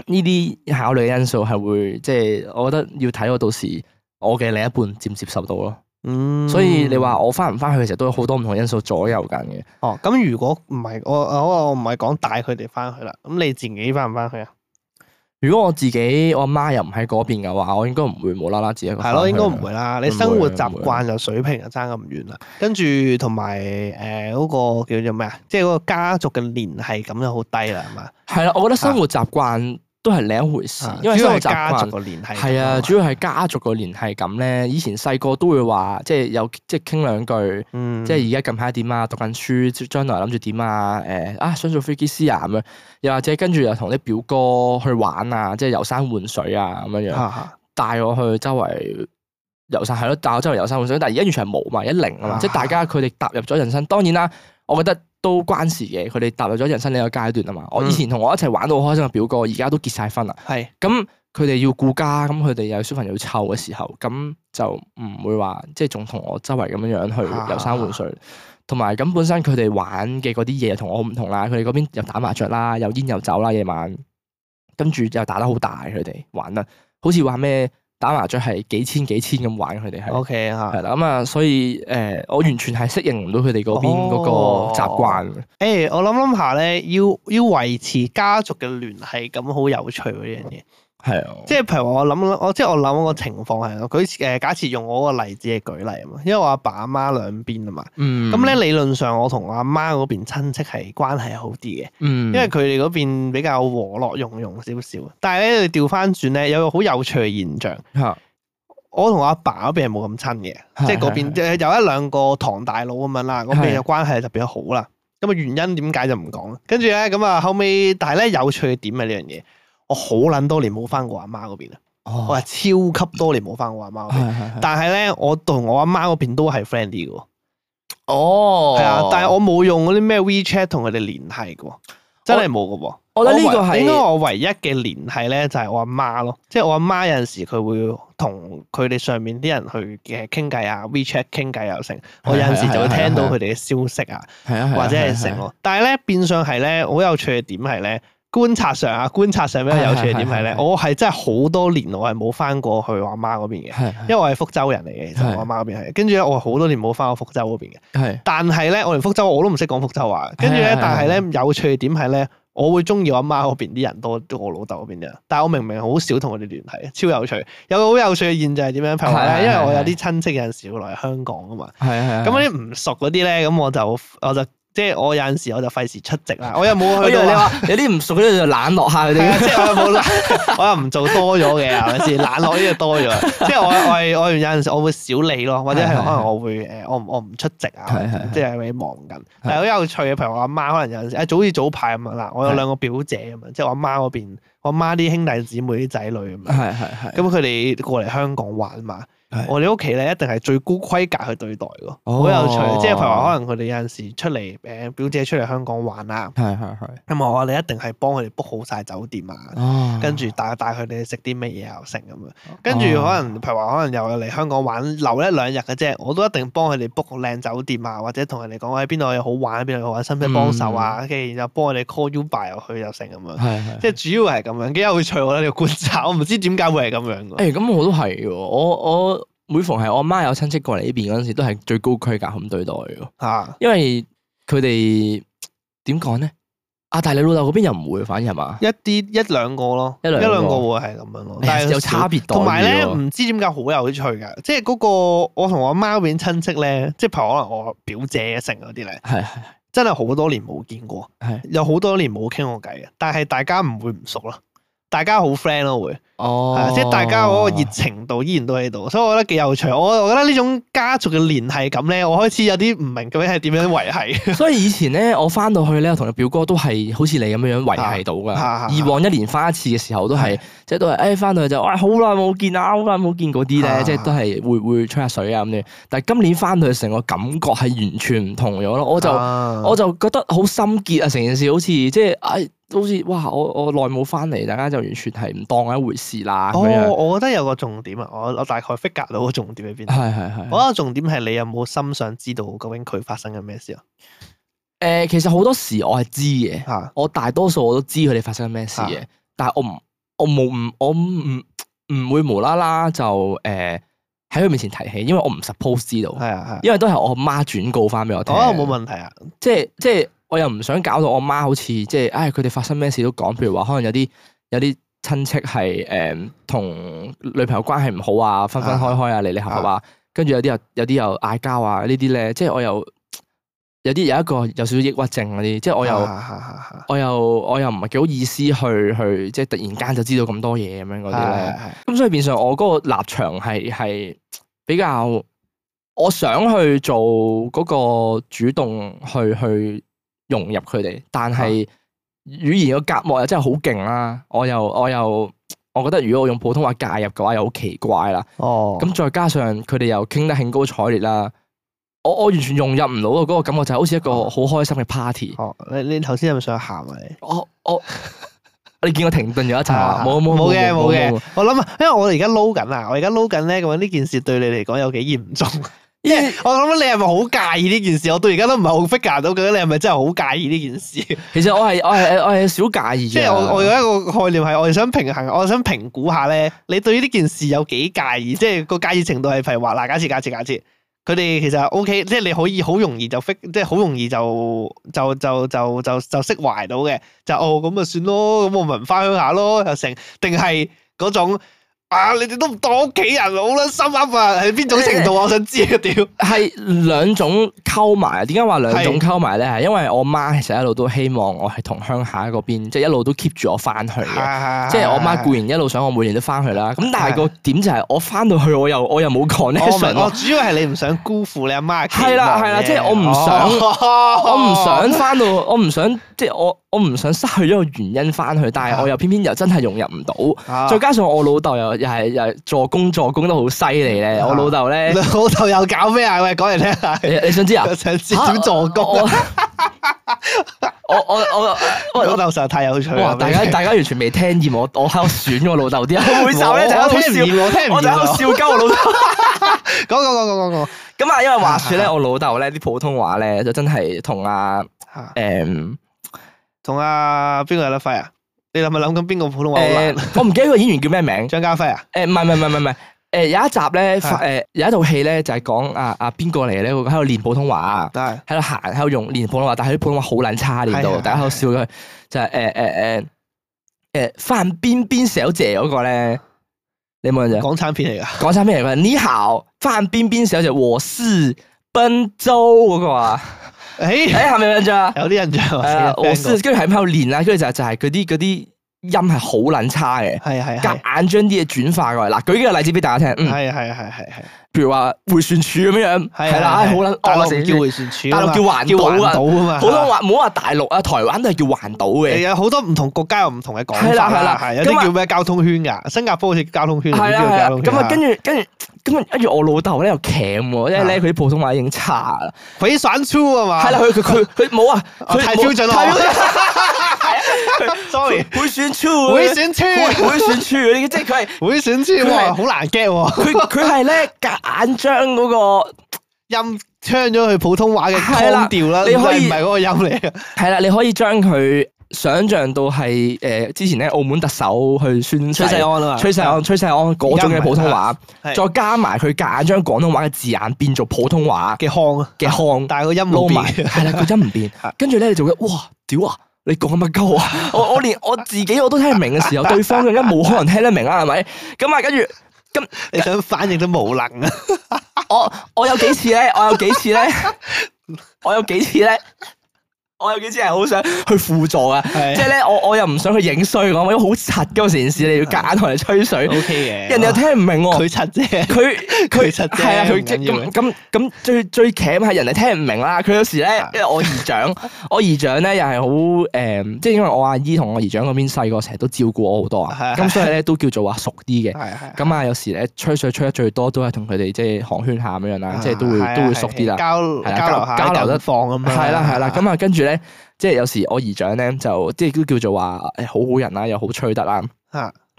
呢啲考慮嘅因素係會，即係我覺得要睇我到時我嘅另一半接唔接受到咯。嗯，所以你話我翻唔翻去嘅時候，都有好多唔同因素左右緊嘅。哦，咁如果唔係我我我唔係講帶佢哋翻去啦，咁你自己翻唔翻去啊？如果我自己我媽又唔喺嗰邊嘅話，我應該唔會無啦啦自己一個去。係咯，應該唔會啦。你生活習慣又水平又差咁唔遠啦，跟住同埋誒嗰個叫做咩啊，即係嗰個家族嘅聯繫咁就好低啦，係嘛？係啦，我覺得生活習慣。都係另一回事，因為主要係家族個聯繫，係啊，主要係家族個聯繫感咧對嘛。以前細個都會話，即係有即係傾兩句，嗯、即係而家近排點啊？讀緊書，將來諗住點啊？誒啊，想做飛機師啊咁樣，又或者又跟住又同啲表哥去玩啊，即係遊山玩水啊咁樣樣，帶 Okay. 我去周圍遊晒係咯，帶我周圍遊山玩水。但係而家完全係冇嘛，一零啊嘛，即係大家佢哋踏入咗人生，當然啦， 我覺得。都關事嘅，佢哋踏入咗人生呢個階段啊嘛。嗯、我以前同我一齊玩到好開心嘅表哥，而家都結晒婚啦。係是，咁佢哋要顧家，咁佢哋有小朋友湊嘅時候，咁就唔會話即係仲同我周圍咁樣樣去遊山玩水。同埋咁本身佢哋玩嘅嗰啲嘢同我好唔同啦，佢哋嗰邊又打麻雀啦，又煙又酒啦，夜晚跟住又打得好大，佢哋玩得好似話咩？打麻雀係幾千幾千咁玩，佢哋係，OK，係啦咁啊，所以誒、呃，我完全係適應唔到佢哋嗰邊嗰個習慣。Hey, 我諗諗下咧，要要維持家族嘅聯繫，咁好有趣嗰樣嘢。係啊，即係譬如我諗，就是，我即係我諗個情況係，我佢誒，假設用我嗰個例子嚟舉例啊嘛，因為我阿爸阿媽兩邊啊嘛，咁咧、嗯、理論上我同阿媽嗰邊親戚係關係好啲嘅，嗯、因為佢哋嗰邊比較和樂融融少少，但係咧調翻轉咧有個好有趣嘅現象，嗯、我同阿爸嗰邊係冇咁親嘅，嗯、即係嗰邊誒有一兩個堂大佬咁樣啦，咁邊嘅關係特別好啦，咁啊、嗯嗯、原因點解就唔講啦，跟住咧咁啊後尾，但係咧有趣嘅點係呢樣嘢。我好捻多年冇翻過阿媽嗰邊啦，我係超級多年冇翻過阿媽嗰邊，但係咧我同我阿媽嗰邊都係 friend 啲嘅，哦，係啊，但係我冇用嗰啲咩 WeChat 同佢哋聯繫嘅，真係冇嘅，我覺得呢個係應該我唯一嘅聯繫咧就係我阿媽咯，即係我阿媽有陣時佢會同佢哋上面啲人去嘅傾偈啊，WeChat 傾偈又成，我有陣時就會聽到佢哋嘅消息啊，係啊，或者係成咯，但係咧變相係咧好有趣嘅點係咧。觀察上啊，觀察上咧有趣嘅點係咧，我係真係好多年我係冇翻過去我阿媽嗰邊嘅，因為我係福州人嚟嘅，其實我阿媽嗰邊係，跟住咧我好多年冇翻我福州嗰邊嘅，但係咧我連福州我都唔識講福州話，跟住咧但係咧有趣嘅點係咧，我會中意我阿媽嗰邊啲人多過我老豆嗰邊啲，但係我明明好少同佢哋聯繫，超有趣，有個好有趣嘅現象係點樣？譬如話咧，因為我有啲親戚有陣時會嚟香港啊嘛，咁啲唔熟嗰啲咧，咁我就我就。即係我有陣時我就費事出席啦，我又冇去到、嗯。你話有啲唔熟嗰啲 就冷落下嗰啲， 即係我， 我又冇， 我又唔做多咗嘅係咪先？冷落呢啲多咗，即係我我係我有陣時我會少理咯，或者係可能我會誒我我唔出席啊，即係忙緊。係好有趣嘅，譬如我阿媽，媽可能有陣時啊，早好似早排咁啊，我有兩個表姐咁啊，是是即係我阿媽嗰邊，我阿媽啲兄弟姊妹啲仔女咁啊，咁佢哋過嚟香港玩嘛。我哋屋企咧，一定係最高規格去對待咯，好、哦、有趣。即係譬如話，可能佢哋有陣時出嚟，誒表姐出嚟香港玩啊，係係係。咁我我哋一定係幫佢哋 book 好晒酒店啊、哦，跟住帶帶佢哋食啲乜嘢又成咁樣。跟住可能譬如話，可能又嚟香港玩留一兩日嘅啫，我都一定幫佢哋 book 個靚酒店啊，或者同佢哋講喺邊度有好玩，邊度好玩，使唔使幫手啊？跟住、嗯、然後幫佢哋 call Uber 又去又成咁樣。即係主要係咁樣幾有趣，我覺得呢個觀察，我唔知點解會係咁樣。誒咁、欸、我都係喎，我我。我我每逢係我阿媽有親戚過嚟呢邊嗰陣時，都係最高規格咁對待咯。啊、因為佢哋點講咧？阿大、啊、你老豆嗰邊又唔會，反而係嘛？一啲一兩個咯，一兩個，一兩個會係咁樣咯。但係有差別到同埋咧，唔知點解好有趣嘅，即係嗰個我同我媽邊親戚咧，即係譬如可能我表姐成嗰啲咧，係係的真係好多年冇見過，係的有好多年冇傾過偈嘅，但係大家唔會唔熟咯，大家好 friend 咯會。哦，即係大家嗰個熱情度依然都喺度，所以我覺得幾有趣。我我覺得呢種家族嘅聯繫感咧，我開始有啲唔明究竟係點樣維繫。所以以前咧，我翻到去咧，同你表哥都係好似你咁樣樣維繫到噶。啊、以往一年翻一次嘅時候都，啊、是都係即係都係誒，翻、哎、到去就哇好耐冇見，見啊，好耐冇見嗰啲咧，即係都係會會吹下水啊咁樣。但係今年翻到去成個感覺係完全唔同咗咯，我就、啊、我就覺得好心結啊！成件事好似即係誒，好似哇，我我耐冇翻嚟，大家就完全係唔當我一回事。啦。哦，我覺得有個重點啊，我我大概 figure 到個重點喺邊。係係係。我覺得個重點係你有冇心想知道究竟佢發生緊咩事啊？誒、呃，其實好多時我係知嘅，啊、我大多數我都知佢哋發生緊咩事嘅，啊、但係我唔，我冇唔，我唔唔會無啦啦就誒喺佢面前提起，因為我唔 suppose 知道。係啊係。因為都係我媽，媽轉告翻俾我聽。哦，冇問題啊。即係即係，我又唔想搞到我媽好似即係，唉、哎，佢哋發生咩事都講。譬如話，可能有啲有啲。有親戚係誒，同、嗯、女朋友關係唔好啊，分分開開啊，離離、啊、合合啊，跟住、啊、有啲、啊、又，有啲又嗌交啊，呢啲咧，即係我又有啲有一個有少少抑鬱症嗰啲，即係我又、啊啊、我又我又唔係幾好意思去去，即係突然間就知道咁多嘢咁樣嗰啲咧。咁、啊啊啊、所以變相，我嗰個立場係係比較，我想去做嗰個主動去去融入佢哋，但係、啊。語言個隔膜又真係好勁啦，我又我又，我覺得如果我用普通話介入嘅話，又好奇怪啦。哦，咁再加上佢哋又傾得興高采烈啦，我我完全融入唔到嗰個感覺就好似一個好開心嘅 party。哦、oh. oh.，你你頭先係咪想喊啊？我我，我 你見我停頓咗一陣啊？冇冇冇嘅冇嘅，我諗啊，因為我而家撈緊啊，我而家撈緊咧，咁呢件事對你嚟講有幾嚴重。 即係、我諗，你係咪好介意呢件事？我到而家都唔係好 figure 到嘅，你係咪真係好介意呢件事？其實我係我係我係少介意，即係我我有一個概念係，我係想平衡，我想評估下咧，你對於呢件事有幾介意？即係個介意程度係譬如話，嗱，假設假設假設，佢哋其實 OK，即係你可以好容易就即係好容易就就就就就就釋懷到嘅，就哦咁啊算咯，咁我聞翻鄉下咯又成，定係嗰種。啊！你哋都唔當屋企人，好卵心噏啊！係邊種程度，欸、我想知啊！屌，係兩種溝埋，點解話兩種溝埋咧？係因為我媽其實一路都希望我係同鄉下嗰邊，就是啊，即係一路都 keep 住我翻去嘅。即係我媽固然一路想我每年都翻去啦，咁但係個點就係我翻到去我又我又冇 connection，我主要係你唔想辜負你阿媽係啦係啦，即係我唔想我唔想翻到我唔想。即係我我唔想失去咗個原因翻去，但係我又偏偏又真係融入唔到，再加上我老豆又又係又助攻助攻得好犀利咧。我老豆咧，老豆又搞咩啊？喂，講嚟聽下。你想知啊？想知點助攻？我我我老豆實在太有趣。哇！大家大家完全未聽厭我我喺度損我老豆啲啊！我每集咧就喺度笑我，我就喺度笑鳩我老豆。講講講講講。咁啊，因為話說咧，我老豆咧啲普通話咧就真係同阿誒。同阿邊個有得費啊？你諗咪諗緊邊個普通話好難？欸、我唔記得個演員叫咩名？張 家輝啊？誒、欸，唔係唔係唔係唔係，誒、欸，有一集咧，誒、 欸，有一套戲咧，就係講阿阿邊個嚟咧，佢喺度練普通話啊，喺度行，喺度用練普通話，但係啲普通話好卵差呢度，的大家喺度笑佢，就係誒誒誒，誒、欸欸欸、范冰冰小姐嗰個咧，你冇印象？港產片嚟噶，港產片嚟噶， 你好，范冰冰小姐，我是溫州、那個。 誒誒，係咪有印象啊？有啲印象，跟住喺度練啦，跟住就就係嗰啲啲音係好撚差嘅，係係啊，夾硬將啲嘢轉化過嚟。嗱，舉幾個例子俾大家聽，嗯係啊係啊係係係。譬如話迴旋處咁樣樣，係啦，係大陸叫迴旋處，大陸叫環島啊嘛。普通話唔好話大陸啊，台灣都係叫環島嘅。係啊，好多唔同國家有唔同嘅講法啊。係啦，係有啲叫咩交通圈噶，新加坡好似交通圈。係啦，咁啊，跟住跟住，咁啊，跟住我老豆咧又鉗我，因為咧佢啲普通話已經差啦，佢啲散錯啊嘛。係啦，佢佢佢冇啊，太標準啦。Sorry，會選錯，會選錯，會選錯呢？即係佢係會選錯，好難 get 喎。佢佢係叻噶。硬將嗰個音槍咗去普通話嘅腔調啦，你可以唔係嗰個音嚟嘅。係啦，你可以將佢想象到係誒之前咧，澳門特首去宣。崔世安啊嘛。崔世安，崔世安嗰種嘅普通話，再加埋佢夾硬將廣東話嘅字眼變做普通話嘅腔嘅腔，但係個音冇變。係啦，個音唔變。跟住咧，你就會哇，屌啊！你講乜嘅鳩啊！我我連我自己我都聽唔明嘅時候，對方更加冇可能聽得明啊，係咪？咁啊，跟住。咁跟你想反應都無能啊！ 我我有幾次咧，我有幾次咧，我有幾次咧。我有幾次人好想去輔助啊，即係咧，我我又唔想去影衰我，因為好柒噶我成件事，你要夾硬同人吹水。O K 嘅，人又聽唔明喎。佢柒啫，佢佢係啊，佢即咁咁咁最最鉗係人哋聽唔明啦。佢有時咧，因為我姨丈，我姨丈咧又係好誒，即係因為我阿姨同我姨丈嗰邊細個成日都照顧我好多啊，咁所以咧都叫做話熟啲嘅。咁啊，有時咧吹水吹得最多都係同佢哋即係行圈下咁樣啦，即係都會都會熟啲啦，交交流交流得當咁樣。係啦係啦，咁啊跟住。咧，即係有時我姨丈咧就，即係都叫做話，誒，好好人啦，又好吹得啦。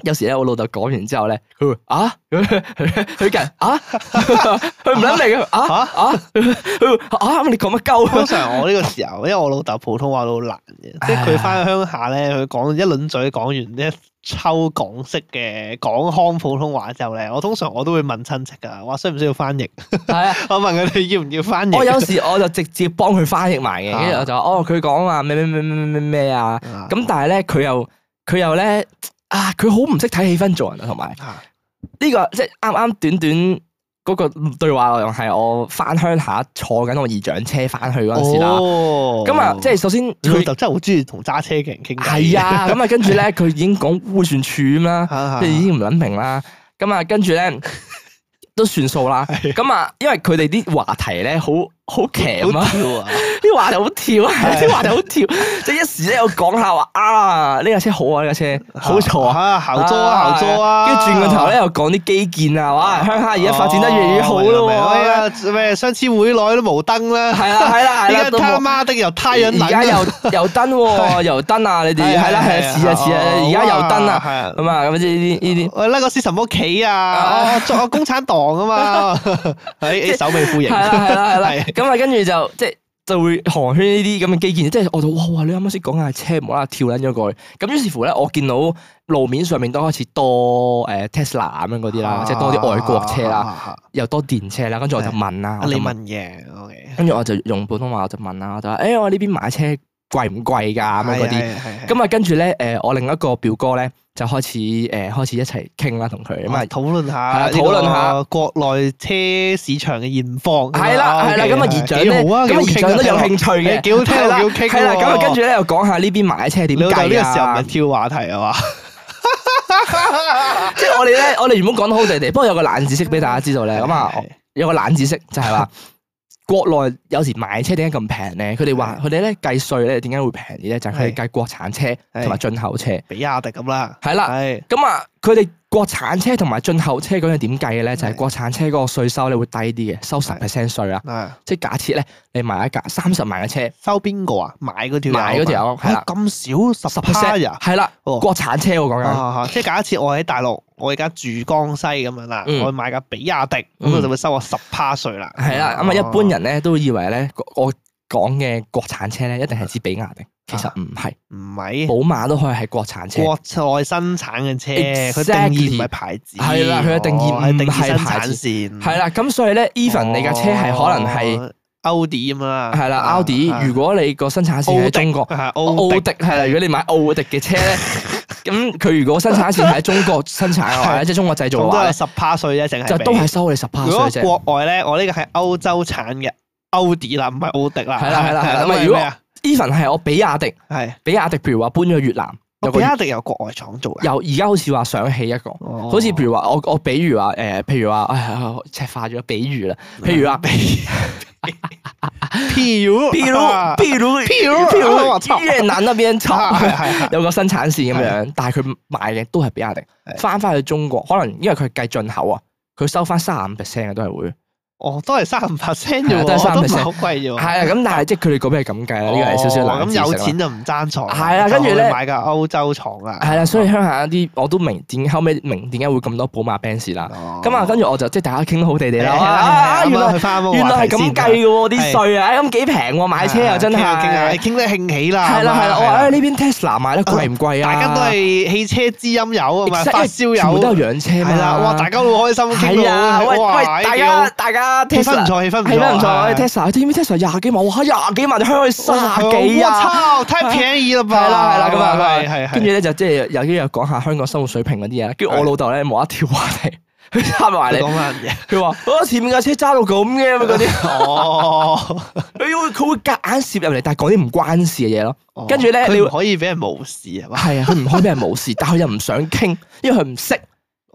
有時咧，我老豆講完之後咧，佢啊，佢近，啊，佢唔肯嚟啊 啊啊啊,啊,啊,啊！你講乜鳩？通常 我呢個時候，因為我老豆普通話都好難嘅，即係佢翻去鄉下咧，佢講一輪嘴講，講完呢一抽港式嘅廣腔普通話之後咧，我通常我都會問親戚噶，話需唔需要翻譯？係啊，我問佢哋要唔要翻譯。我有時我就直接幫佢翻譯埋嘅，跟住我就哦，佢講話咩咩咩咩咩咩啊，咁唉呀 但係咧佢又佢又咧。啊！佢好唔識睇氣氛做人，這個、啊，同埋呢個即係啱啱短短嗰個對話內容係我翻鄉下坐緊我姨丈車翻去嗰陣時啦。咁、哦、啊，即係首先佢就真係好中意同揸車嘅人傾偈。係啊，咁啊， 跟住咧佢已經講烏旋柱啦，即係已經唔撚明啦。咁啊，跟住咧都算數啦。咁 是啊，因為佢哋啲話題咧好。好強啊！啲話題好跳啊！啲話題好跳，即係一時咧又講下話啊，呢架車好啊，呢架車好嘈啊，後座啊，後座啊，跟住轉個頭咧又講啲基建啊，哇！鄉下而家發展得越嚟越好咯，咩相廂會內都無燈啦，係啊，係啦，而家他媽的又太陽而家又油燈喎，油燈啊！你哋係啦係啊，是啊是啊，而家油燈啊，啊！咁啊咁呢啲呢啲，喂，呢嗰啲什麼旗啊？哦，作共產黨啊嘛，係首尾呼應，係啦係啦啦。咁啊，跟住就即係就會行圈呢啲咁嘅基建，即係我就哇哇，你啱啱先講緊架車，唔好啦，跳撚咗過去。咁於是乎咧，我見到路面上面都開始多誒、欸、Tesla 咁樣嗰啲啦，啊、即係多啲外國車啦，啊、又多電車啦。跟住我就問啊，你問嘅，okay、跟住我就用普通話我就問啊，我就話誒、欸，我呢邊買車。貴唔貴噶咁嗰啲，咁啊跟住咧，誒，我另一個表哥咧就開始，誒，開始一齊傾啦，同佢咁啊討論下，係啊，討論下國內車市場嘅現況，係啦係啦，咁啊，而長咧咁而長都有興趣嘅，幾好聽，要傾係啦，咁啊，跟住咧又講下呢邊買車點樣計啊，呢個時候咪挑話題啊嘛，即係我哋咧，我哋原本講得好地地，不過有個冷知識俾大家知道咧，咁啊，有個冷知識就係話。國內有時買車點解咁平咧？佢哋話佢哋咧計稅咧，點解會平啲呢？就係、是、計國產車同埋進口車，比亞迪咁啦，係啦了，咁啊佢哋。國產車同埋進口車嗰樣點計嘅咧，就係國產車嗰個稅收咧會低啲嘅，收十 percent 稅啊。即係假設咧，你買一架三十萬嘅車，收邊個啊？買嗰條友。買嗰條友。係啦。咁少十十 percent 啊？係啦。國產車我講緊。即係假設我喺大陸，我而家住江西咁樣啦，我買架比亞迪，咁我就會收我十趴稅啦。係啦。咁啊，一般人咧都以為咧，我講嘅國產車咧一定係指比亞迪。其實唔係，唔係，寶馬都可以係國產車，國內生產嘅車，佢定義唔係牌子，係啦，佢嘅定義唔係生產線，係啦，咁所以咧，even 你架車係可能係奧迪咁啦，係啦，奧迪，如果你個生產線喺中國，奧迪係啦，如果你買奧迪嘅車咧，咁佢如果生產線喺中國生產嘅話，即係中國製造嘅話，十趴稅啫，淨係就都係收你十趴稅啫。如果國外咧，我呢個係歐洲產嘅奧迪啦，唔係奧迪啦，係啦係啦，咁如果。Even 係我比亞迪，係比亞迪，譬如話搬咗越南，比亞迪有國外廠做，有而家好似話想起一個，好似譬如話我我比如話誒，譬如話，哎呀，赤化咗，比喻啦，譬如啊，譬如，譬如，譬如，譬如，譬如，我操越南那邊廠有個生產線咁樣，但係佢賣嘅都係比亞迪，翻翻去中國，可能因為佢計進口啊，佢收翻三五 percent 嘅都係會。哦，都係三 percent 啫，我都唔係好貴啫。係啊，咁但係即係佢哋講咩係咁計咧，呢個係少少難字啦。咁有錢就唔爭床，係啦，跟住咧買架歐洲床啊。係啦，所以鄉下啲我都明，點解後尾明點解會咁多寶馬 Benz 啦。咁啊，跟住我就即係大家傾到好地地啦。啊，原來原來咁計嘅喎啲稅啊，咁幾平喎買車又真係，傾啊傾得興起啦。係啦係啦，我話呢邊 Tesla 賣得貴唔貴啊？大家都係汽車資深友啊嘛，發燒友，都係養車。係啦，哇，大家好開心，傾到好哇，大家大家。啊，氣氛唔錯，氣氛唔錯。Tesla 點知 Tesla 廿幾萬，哇，廿幾萬香港去三幾萬，好我操，太便宜啦。噉啊，係啦係啦，咁啊，跟住咧就即係有啲又講下香港生活水平嗰啲嘢啦。跟住我老豆咧冇一條話題佢插埋你講乜嘢，佢話啊前面架車揸到咁嘅咁嗰啲，哦，佢會佢會夾硬攝入嚟，但係講啲唔關事嘅嘢咯。跟住咧你可以俾人無視啊，係啊，佢唔可以俾人無視，但係佢又唔想傾，因為佢唔識。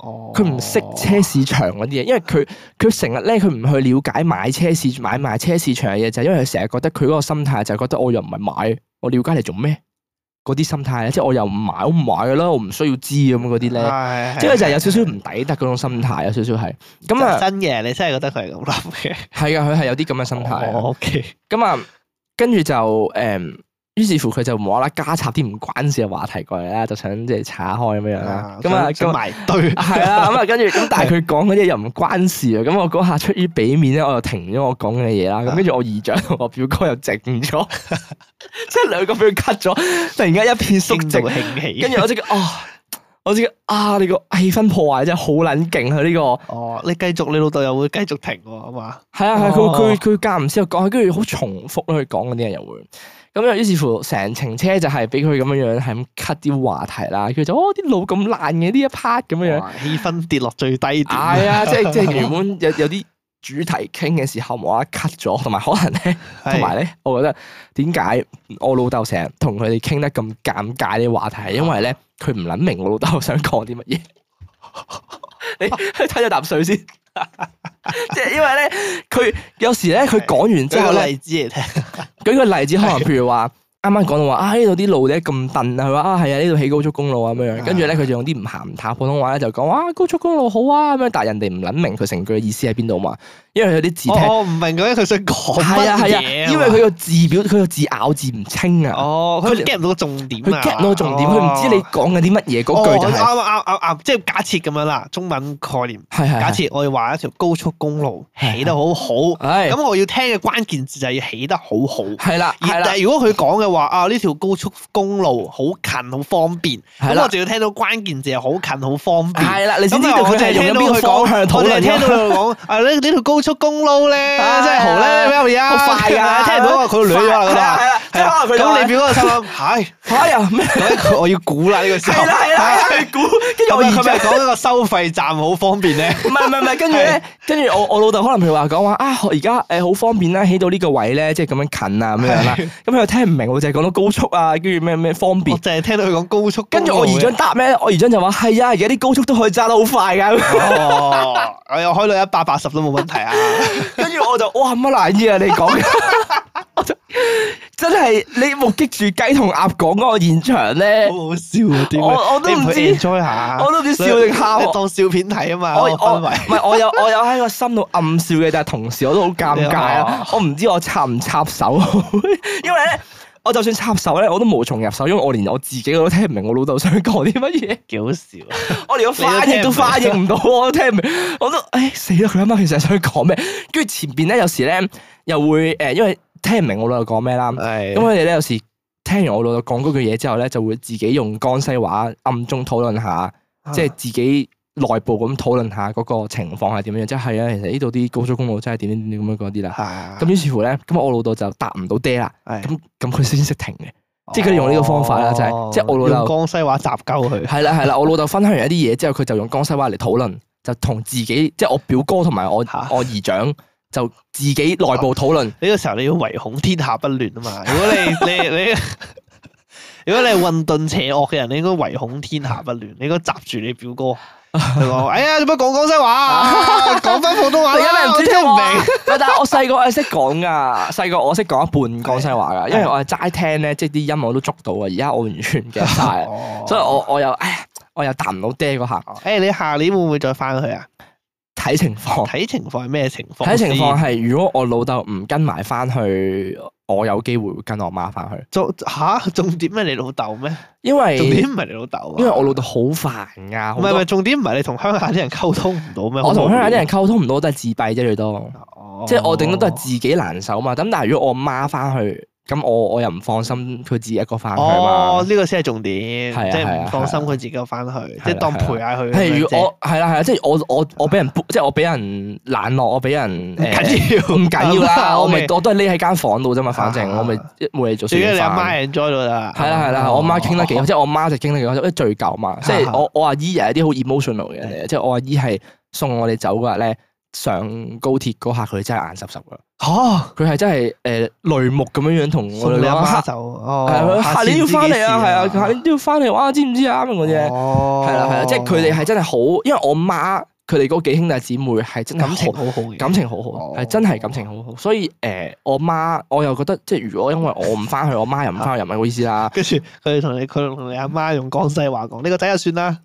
佢唔識車市場嗰啲嘢，因為佢佢成日咧，佢唔去了解買車市買賣車市場嘅嘢，就係因為佢成日覺得佢嗰個心態就係覺得我又唔係買，我了解嚟做咩？嗰啲心態咧，即係我又唔買，我唔買噶咯，我唔需要知咁嗰啲咧，哎、即係就係有少少唔抵得嗰種心態，有少少係咁啊。真嘅，你真係覺得佢係咁諗嘅，係啊，佢係有啲咁嘅心態。OK，咁啊，跟住就誒。嗯於是乎佢就無啦啦加插啲唔關事嘅話題過嚟啦，就想即係岔開咁樣啦。咁啊咁埋堆係啊。咁啊跟住咁，但係佢講嗰啲又唔關事啊。咁我嗰下出於俾面咧，我又停咗我講嘅嘢啦。咁跟住我姨丈同我表哥又靜咗，即係兩個俾佢 cut 咗，突然間一片肅靜。跟住我即刻哦，我即刻啊！你個氣氛破壞真係好卵勁啊！呢個哦，你繼續，你老豆又會繼續停喎，好嘛？係啊，係佢佢佢間唔時又講，跟住好重複咯，佢講嗰啲嘢又會。咁啊，於是乎成程車就係俾佢咁樣樣，係咁 cut 啲話題啦。佢就哦，啲路咁爛嘅呢一 part 咁樣樣，氣氛跌落最低點。係啊， 即係即係原本有有啲主題傾嘅時候，冇啦 cut 咗，同埋可能咧，同埋咧，是我覺得點解我老豆成日同佢哋傾得咁尷尬啲話題，係因為咧，佢唔諗明我老豆想講啲乜嘢。 你去睇咗啖水先。即係 因為咧，佢有時咧，佢講的完之後咧，舉個例子嚟聽。舉個例子可能，譬如話啱啱講到話啊，呢度啲路咧咁鈍啊，佢話啊係啊，呢度起高速公路啊，咁樣。跟住咧，佢就用啲唔咸唔淡普通話咧，就講哇、啊、高速公路好啊咁樣。但係人哋唔撚明佢成句嘅意思喺邊度嘛。因為佢啲字，我唔明佢想講乜嘢。係啊係啊，因為佢個字表，佢個字咬字唔清啊。哦，佢 get 唔到個重點啊。get 唔到個重點，佢唔知你講緊啲乜嘢，嗰句啱啱啱啱，即係假設咁樣啦。中文概念假設我哋話一條高速公路起得好好，咁我要聽嘅關鍵字就係要起得好好。係啦，但係如果佢講嘅話啊，呢條高速公路好近好方便，咁我就要聽到關鍵字係好近好方便。係啦，咁我聽到我哋聽到佢講啊呢呢條高。出公路咧，即係好咧，very f 聽唔到佢個女話咁啊，係啊，咁你表哥就話係，哎呀咩？我要估啦呢個時候，係啦係啦係啦，估，跟住我佢咪講一個收費站好方便咧，唔係唔係唔係，跟住咧，跟住我我老豆可能譬如話講話啊，而家誒好方便啦，起到呢個位咧，即係咁樣近啊咁樣啦，咁佢又聽唔明，我就係講到高速啊，跟住咩咩方便，淨係聽到佢講高速，跟住我姨丈答咩？我姨丈就話係啊，而家啲高速都可以揸得好快噶，我又開到一百八十都冇問題啊！跟住 我就哇乜爛嘢啊！你講， 真係你目擊住雞同鴨講嗰個現場咧，好好笑啊！點啊？我都唔知，我都唔知笑定喊，當笑片睇啊嘛。我以為唔係我有我有喺個心度暗笑嘅，但係同時我都好尷尬啊！我唔知我插唔插手， 因為咧。我就算插手咧，我都無從入手，因為我連我自己我都聽唔明我爸爸，我老豆想講啲乜嘢，幾好笑啊！ 我連個翻譯都翻譯唔到 我，我都聽唔明，我都唉死啦！佢阿媽，媽其實想講咩？跟住前邊咧，有時咧又會誒，因為聽唔明我老豆講咩啦，咁佢哋咧有時聽完我老豆講嗰句嘢之後咧，就會自己用江西話暗中討論下，啊、即係自己。內部咁討論下嗰個情況係點樣，即係咧，其實呢度啲高速公路真係點點點咁樣嗰啲啦。係、啊。咁於是乎咧，咁我老豆就答唔到爹啦。係、啊。咁咁佢先識停嘅，哎、呦即係佢用呢個方法啦，哦、就係即係我老豆用江西話雜交佢。係啦係啦，我老豆分享完一啲嘢之後，佢就用江西話嚟討論，就同自己，即係我表哥同埋我 我姨丈，就自己內部討論。呢、啊這個時候你要唯恐天下不亂啊嘛！如果你你 你，你你 如果你係混沌邪惡嘅人，你應該唯恐天下不亂，你應該集住你表哥。 哎呀，做乜講廣西話啊？講翻 普通話，而家 你唔知聽唔明 但。但係我細個係識講噶，細個我識講一半廣西話噶，因為我係齋聽咧，即係啲音我都捉到啊。而家我完全唔記得晒， 所以我我又呀，我又彈唔到爹嗰下。誒、哎，你下年會唔會再翻去啊？睇情況。睇情況係咩情況？睇情況係如果我老豆唔跟埋翻去。我有機會會跟我媽翻去，重嚇、啊、重點咩？你老豆咩？因為重點唔係你老豆，因為我老豆好煩噶，啊，唔係唔係，重點唔係你同鄉下啲人溝通唔到咩？我同鄉下啲人溝通唔到 都係自閉啫，最多、哦，即係我頂多都係自己難受嘛。咁、哦、但係如果我媽翻去，咁我我又唔放心佢自己一個翻去。哦，呢個先係重點，即係唔放心佢自己一個翻去，即係當陪下佢。譬如我係啦係啦，即係我我我俾人即係我俾人冷落，我俾人誒唔緊要，唔緊要啦，我咪我都係匿喺間房度啫嘛，反正我咪冇嘢做。主要阿媽 enjoy 到咋。係啦係啦，我媽傾得幾好，即係我媽就傾得幾好，因為最舊嘛，即係我我阿姨又有啲好 emotional 嘅，即係我阿姨係送我哋走嗰日咧。上高鐵嗰下佢真係眼濕濕噶，嚇佢係真係誒淚目咁樣樣，同我，你阿媽就係佢，係你要翻嚟啊。係啊，係你要翻嚟哇，知唔知啊？咁樣嗰只係啦係啊。即係佢哋係真係好，因為我媽佢哋嗰幾兄弟姊妹係感情好好，感情好好，係真係感情好好，所以誒我媽我又覺得即係如果因為我唔翻去，我媽又唔翻去，又唔係好意思啦。跟住佢同你佢同你阿媽用廣西話講，你個仔就算啦。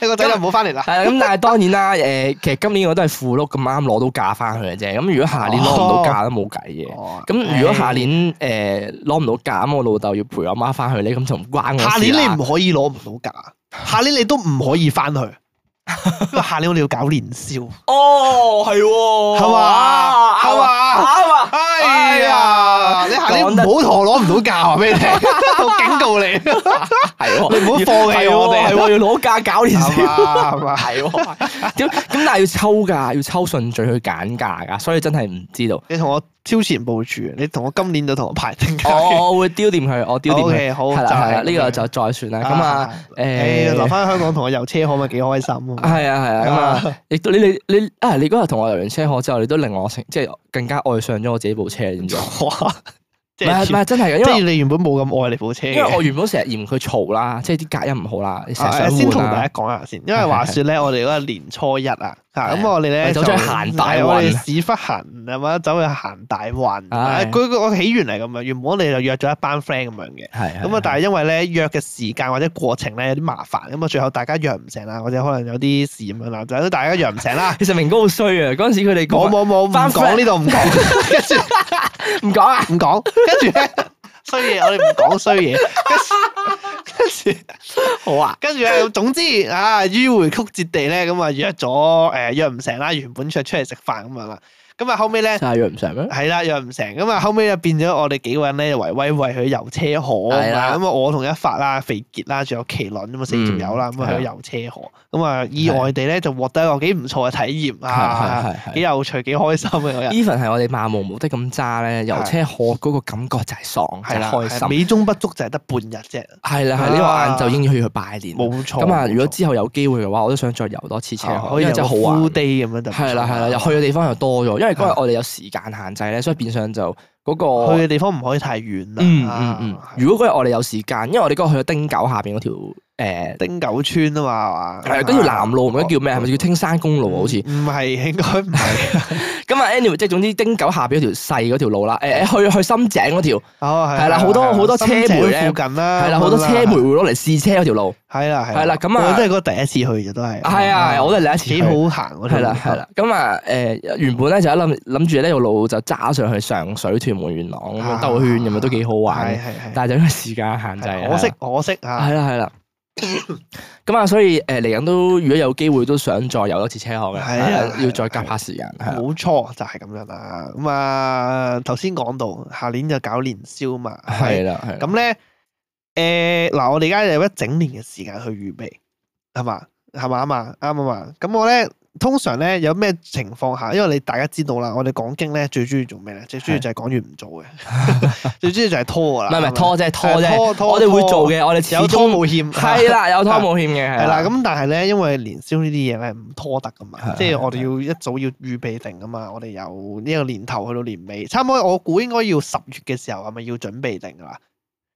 你個仔就唔好翻嚟啦。係咁，但係當然啦，誒，其實今年我都係符碌咁啱攞到假翻去嘅啫。咁如果下年攞唔到假都冇計嘅。咁如果下年誒攞唔到假，咁我老豆要陪我媽翻去咧，咁就唔關我事。下年你唔可以攞唔到假，下年你都唔可以翻去。下年你要搞年宵。哦，係喎。係嘛？係嘛？係嘛？哎呀！你下年唔好同我攞唔到假，話俾你聽。嚟，係你唔好放棄喎，係喎，要攞價搞年宵，係嘛，係咁但係要抽價，要抽順序去揀價噶，所以真係唔知道。你同我超前部署，你同我今年就同我排定。我我會丟掂佢，我丟掂佢，係啦係啦，呢個就再算啦。咁啊，誒，留返香港同我遊車河咪幾開心啊！係啊係啊，咁啊，亦你你你啊，你嗰日同我遊完車河之後，你都令我成即係更加愛上咗我自己部車，知唔知？唔係唔係，真係嘅，因為你原本冇咁愛你部車，因為我原本成日嫌佢嘈啦，即係啲隔音唔好啦。先同大家講下先，因為話説咧，我哋嗰個年初一啊，嚇咁我哋咧就係我哋屎忽行啊嘛，走去行大運，佢個起源嚟㗎嘛，原本我哋就約咗一班 friend 咁樣嘅，咁啊，但係因為咧約嘅時間或者過程咧有啲麻煩，咁啊最後大家約唔成啦，或者可能有啲事咁樣啦，就大家約唔成啦。其實明哥好衰啊，嗰陣時佢哋冇冇冇，唔講呢度唔講。唔講啊，唔講 不說，跟住咧衰嘢，我哋唔講衰嘢，跟住好啊，跟住咧，總之啊，迂回曲折地咧，咁、嗯、啊約咗誒、呃、約唔成啦，原本約出嚟食飯咁樣啦。嗯咁啊，後屘咧，係啦，約唔成。咁啊，後尾就變咗，我哋幾個人咧圍威圍去遊車河啊。咁啊，我同一發啦、肥傑啦，仲有麒麟咁啊，四條友啦，咁去遊車河。咁啊，意外地咧，就獲得一個幾唔錯嘅體驗啊，幾有趣、幾開心嘅一日。Even 係我哋漫無目的咁揸咧，遊車河嗰個感覺就係爽，就係開心。美中不足就係得半日啫。係啦，係呢個晏晝已經要去拜年。冇錯。咁啊，如果之後有機會嘅話，我都想再遊多次車河，因為真好啊。day 咁樣就係。係啦係啦，又去嘅地方又多咗，因為。因為嗰日我哋有時間限制咧，所以變相就。嗰去嘅地方唔可以太遠啦。嗯嗯嗯。如果嗰日我哋有時間，因為我哋嗰日去咗汀九下邊嗰條汀九村啊嘛，係啊。條南路唔記得叫咩，係咪叫青山公路？好似唔係，應該唔係。咁啊，anyway，即係總之汀九下邊嗰條細嗰條路啦。誒，去去深井嗰條，係啦，好多好多車門附近啦，好多車門會攞嚟試車嗰條路。係啦，係啦。咁啊，都係嗰第一次去，其實都係。係啊，我都係第一次，幾好行。係啦，係啦。咁啊，誒，原本咧就一諗諗住呢條路就揸上去上水屯，元朗兜圈咁樣都幾好玩，但係就因為時間限制，可惜可惜啊！係啦，係啦，咁啊，所以誒嚟緊都如果有機會都想再遊一次車河嘅，係啊，要再夾下時間。冇錯，就係咁樣啦。咁啊，頭先講到下年就搞年宵嘛，係啦，係咁咧，誒嗱，我哋而家有一整年嘅時間去預備，係嘛，係嘛啱嘛，啱啊嘛。咁我咧。通常咧有咩情況下？因為你大家知道啦，我哋講經咧最中意做咩咧？最中意就係講完唔做嘅，最中意就係拖噶啦。唔係唔係，拖即係拖啫。拖拖，我哋會做嘅，我哋有拖冇欠。係啦，有拖冇欠嘅係啦。咁但係咧，因為年宵呢啲嘢咧唔拖得噶嘛，即係我哋要一早要預備定噶嘛。我哋由呢個年頭去到年尾，差唔多我估應該要十月嘅時候係咪要準備定噶啦？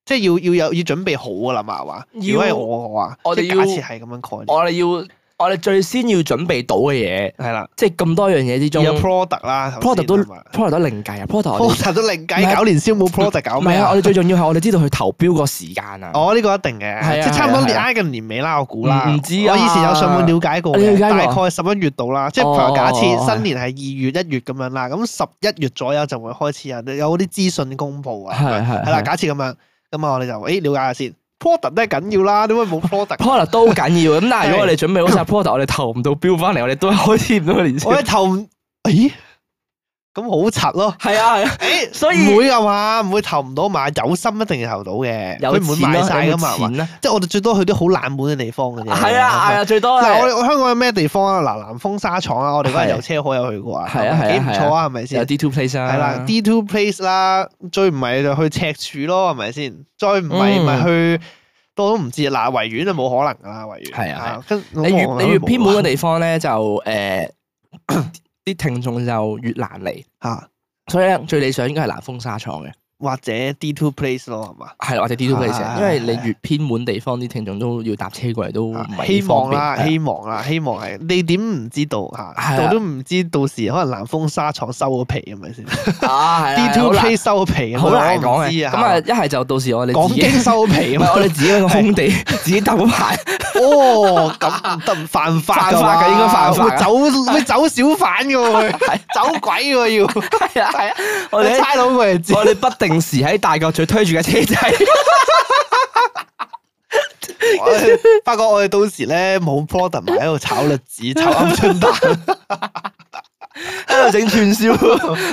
即係要要有要準備好噶啦嘛？話如果係我嘅話，我哋假設係咁樣講，我哋要。我哋最先要準備到嘅嘢係啦，即係咁多樣嘢之中，有 product 啦，product 都 product 都零計啊，product 都零計。搞年銷冇 product 搞咩啊？我哋最重要係我哋知道佢投標個時間啊。哦，呢個一定嘅，即係差唔多挨近年尾啦，我估啦。唔知我以前有上網了解過，大概十一月度啦，即係譬如假設新年係二月一月咁樣啦，咁十一月左右就會開始有啲資訊公佈啊。係係啦，假設咁樣，咁我哋就誒了解下先。product 都係緊要啦，點解冇 product？product 都緊要，咁 但係，如果我哋準備好晒 product 我哋投唔到標翻嚟，我哋都開始唔到年。我一投，咦、欸？咁好柒咯，係啊係，誒，所以唔會啊嘛，唔會投唔到嘛，有心一定要投到嘅，佢唔會買晒噶嘛，即係我哋最多去啲好冷門嘅地方嘅啫，係啊，係啊，最多。嗱，我哋香港有咩地方啊？嗱，南豐紗廠啊，我哋嗰日遊車河有去過啊，啊，幾唔錯啊，係咪先？有 D2 Place 啦，D2 Place 啦，最唔係就去赤柱咯，係咪先？再唔係咪去，多都唔知。嗱，維園就冇可能噶啦，維園係啊，跟。你越你越偏門嘅地方咧，就誒。啲聽眾就越難嚟嚇，所以咧最理想應該係南豐紗廠嘅。或者 D two place 咯，係嘛？係或者 D two place，因為你越偏滿地方啲聽眾都要搭車過嚟，都唔係希望啦，希望啦，希望係你點唔知道吓？我都唔知到時可能南風沙廠收咗皮，咁咪先？D Two place 啊，係啊，好難收咗皮，好難講啊。咁係一係就到時我哋已經收皮，唔係我哋自己個空地，自己搭個牌。哦，咁得，唔犯法嘅應該犯法，會走會走小販嘅，會走鬼嘅要。係啊，係啊，我哋差佬咪，我哋不。定時喺大角咀推住架車仔 我發覺我哋到時咧冇 product 喺度炒栗子、炒鵪鶉蛋，喺度整串燒，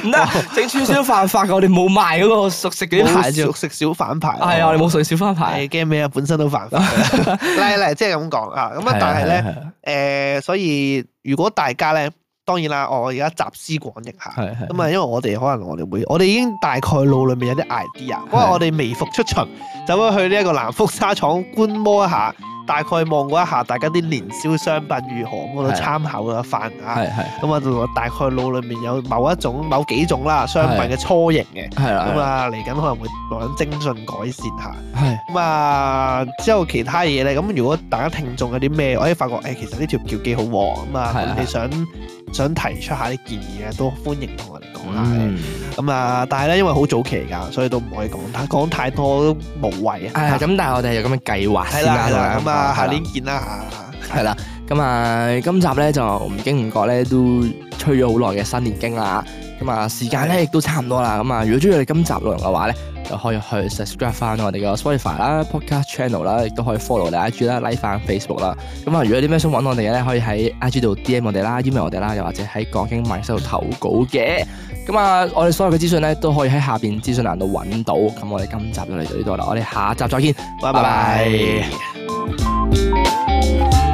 唔得，整串燒犯法噶啊， 我哋冇賣嗰個熟食啲牌，叫熟食小販牌。係啊，我哋冇熟食小販牌，你驚咩啊？本身都犯法，嚟嚟，即係咁講啊。咁啊，但係咧，誒，所以如果大家咧。當然啦，我而家集思廣益下，咁啊，因為我哋可能我哋會，我哋已經大概腦裡面有啲 idea，不過我哋微服出巡，就會去呢一個南福沙廠觀摩一下。大概望過一下，大家啲年宵商品如何？我都參考咗一番啊。係係。咁啊，我大概腦裏面有某一種、某幾種啦商品嘅初型嘅。係啦。咁啊，嚟緊可能會講精進改善下。係的。咁啊，之後其他嘢咧，咁如果大家聽眾有啲咩，我一發覺，誒、哎，其實呢條橋幾好喎。咁啊，你想的想提出下啲建議啊，都歡迎同我哋。係，咁啊、嗯！但係咧，因為好早期噶，所以都唔可以講太講太多都無謂、哎、呀啊。咁但係我哋係有咁嘅計劃先、啊、啦。咁啊啦，啦下年見啦。係啦，咁啊，今集咧就唔經唔覺咧都吹咗好耐嘅新年經啦。咁啊，時間咧亦都差唔多啦。咁啊，如果中意我哋今集內容嘅話咧，就可以去 subscribe 翻我哋嘅 Spotify 啦、Podcast Channel 啦，亦都可以 follow 我哋 I G 啦、like 翻 Facebook 啦。咁啊，如果有啲咩想揾我哋嘅咧，可以喺 I G 度 D M 我哋啦、email 我哋啦，又或者喺萬應室度投稿嘅。咁啊，我哋所有嘅資訊咧，都可以喺下邊資訊欄度揾到。咁我哋今集就嚟到呢度啦，我哋下集再見。拜拜拜。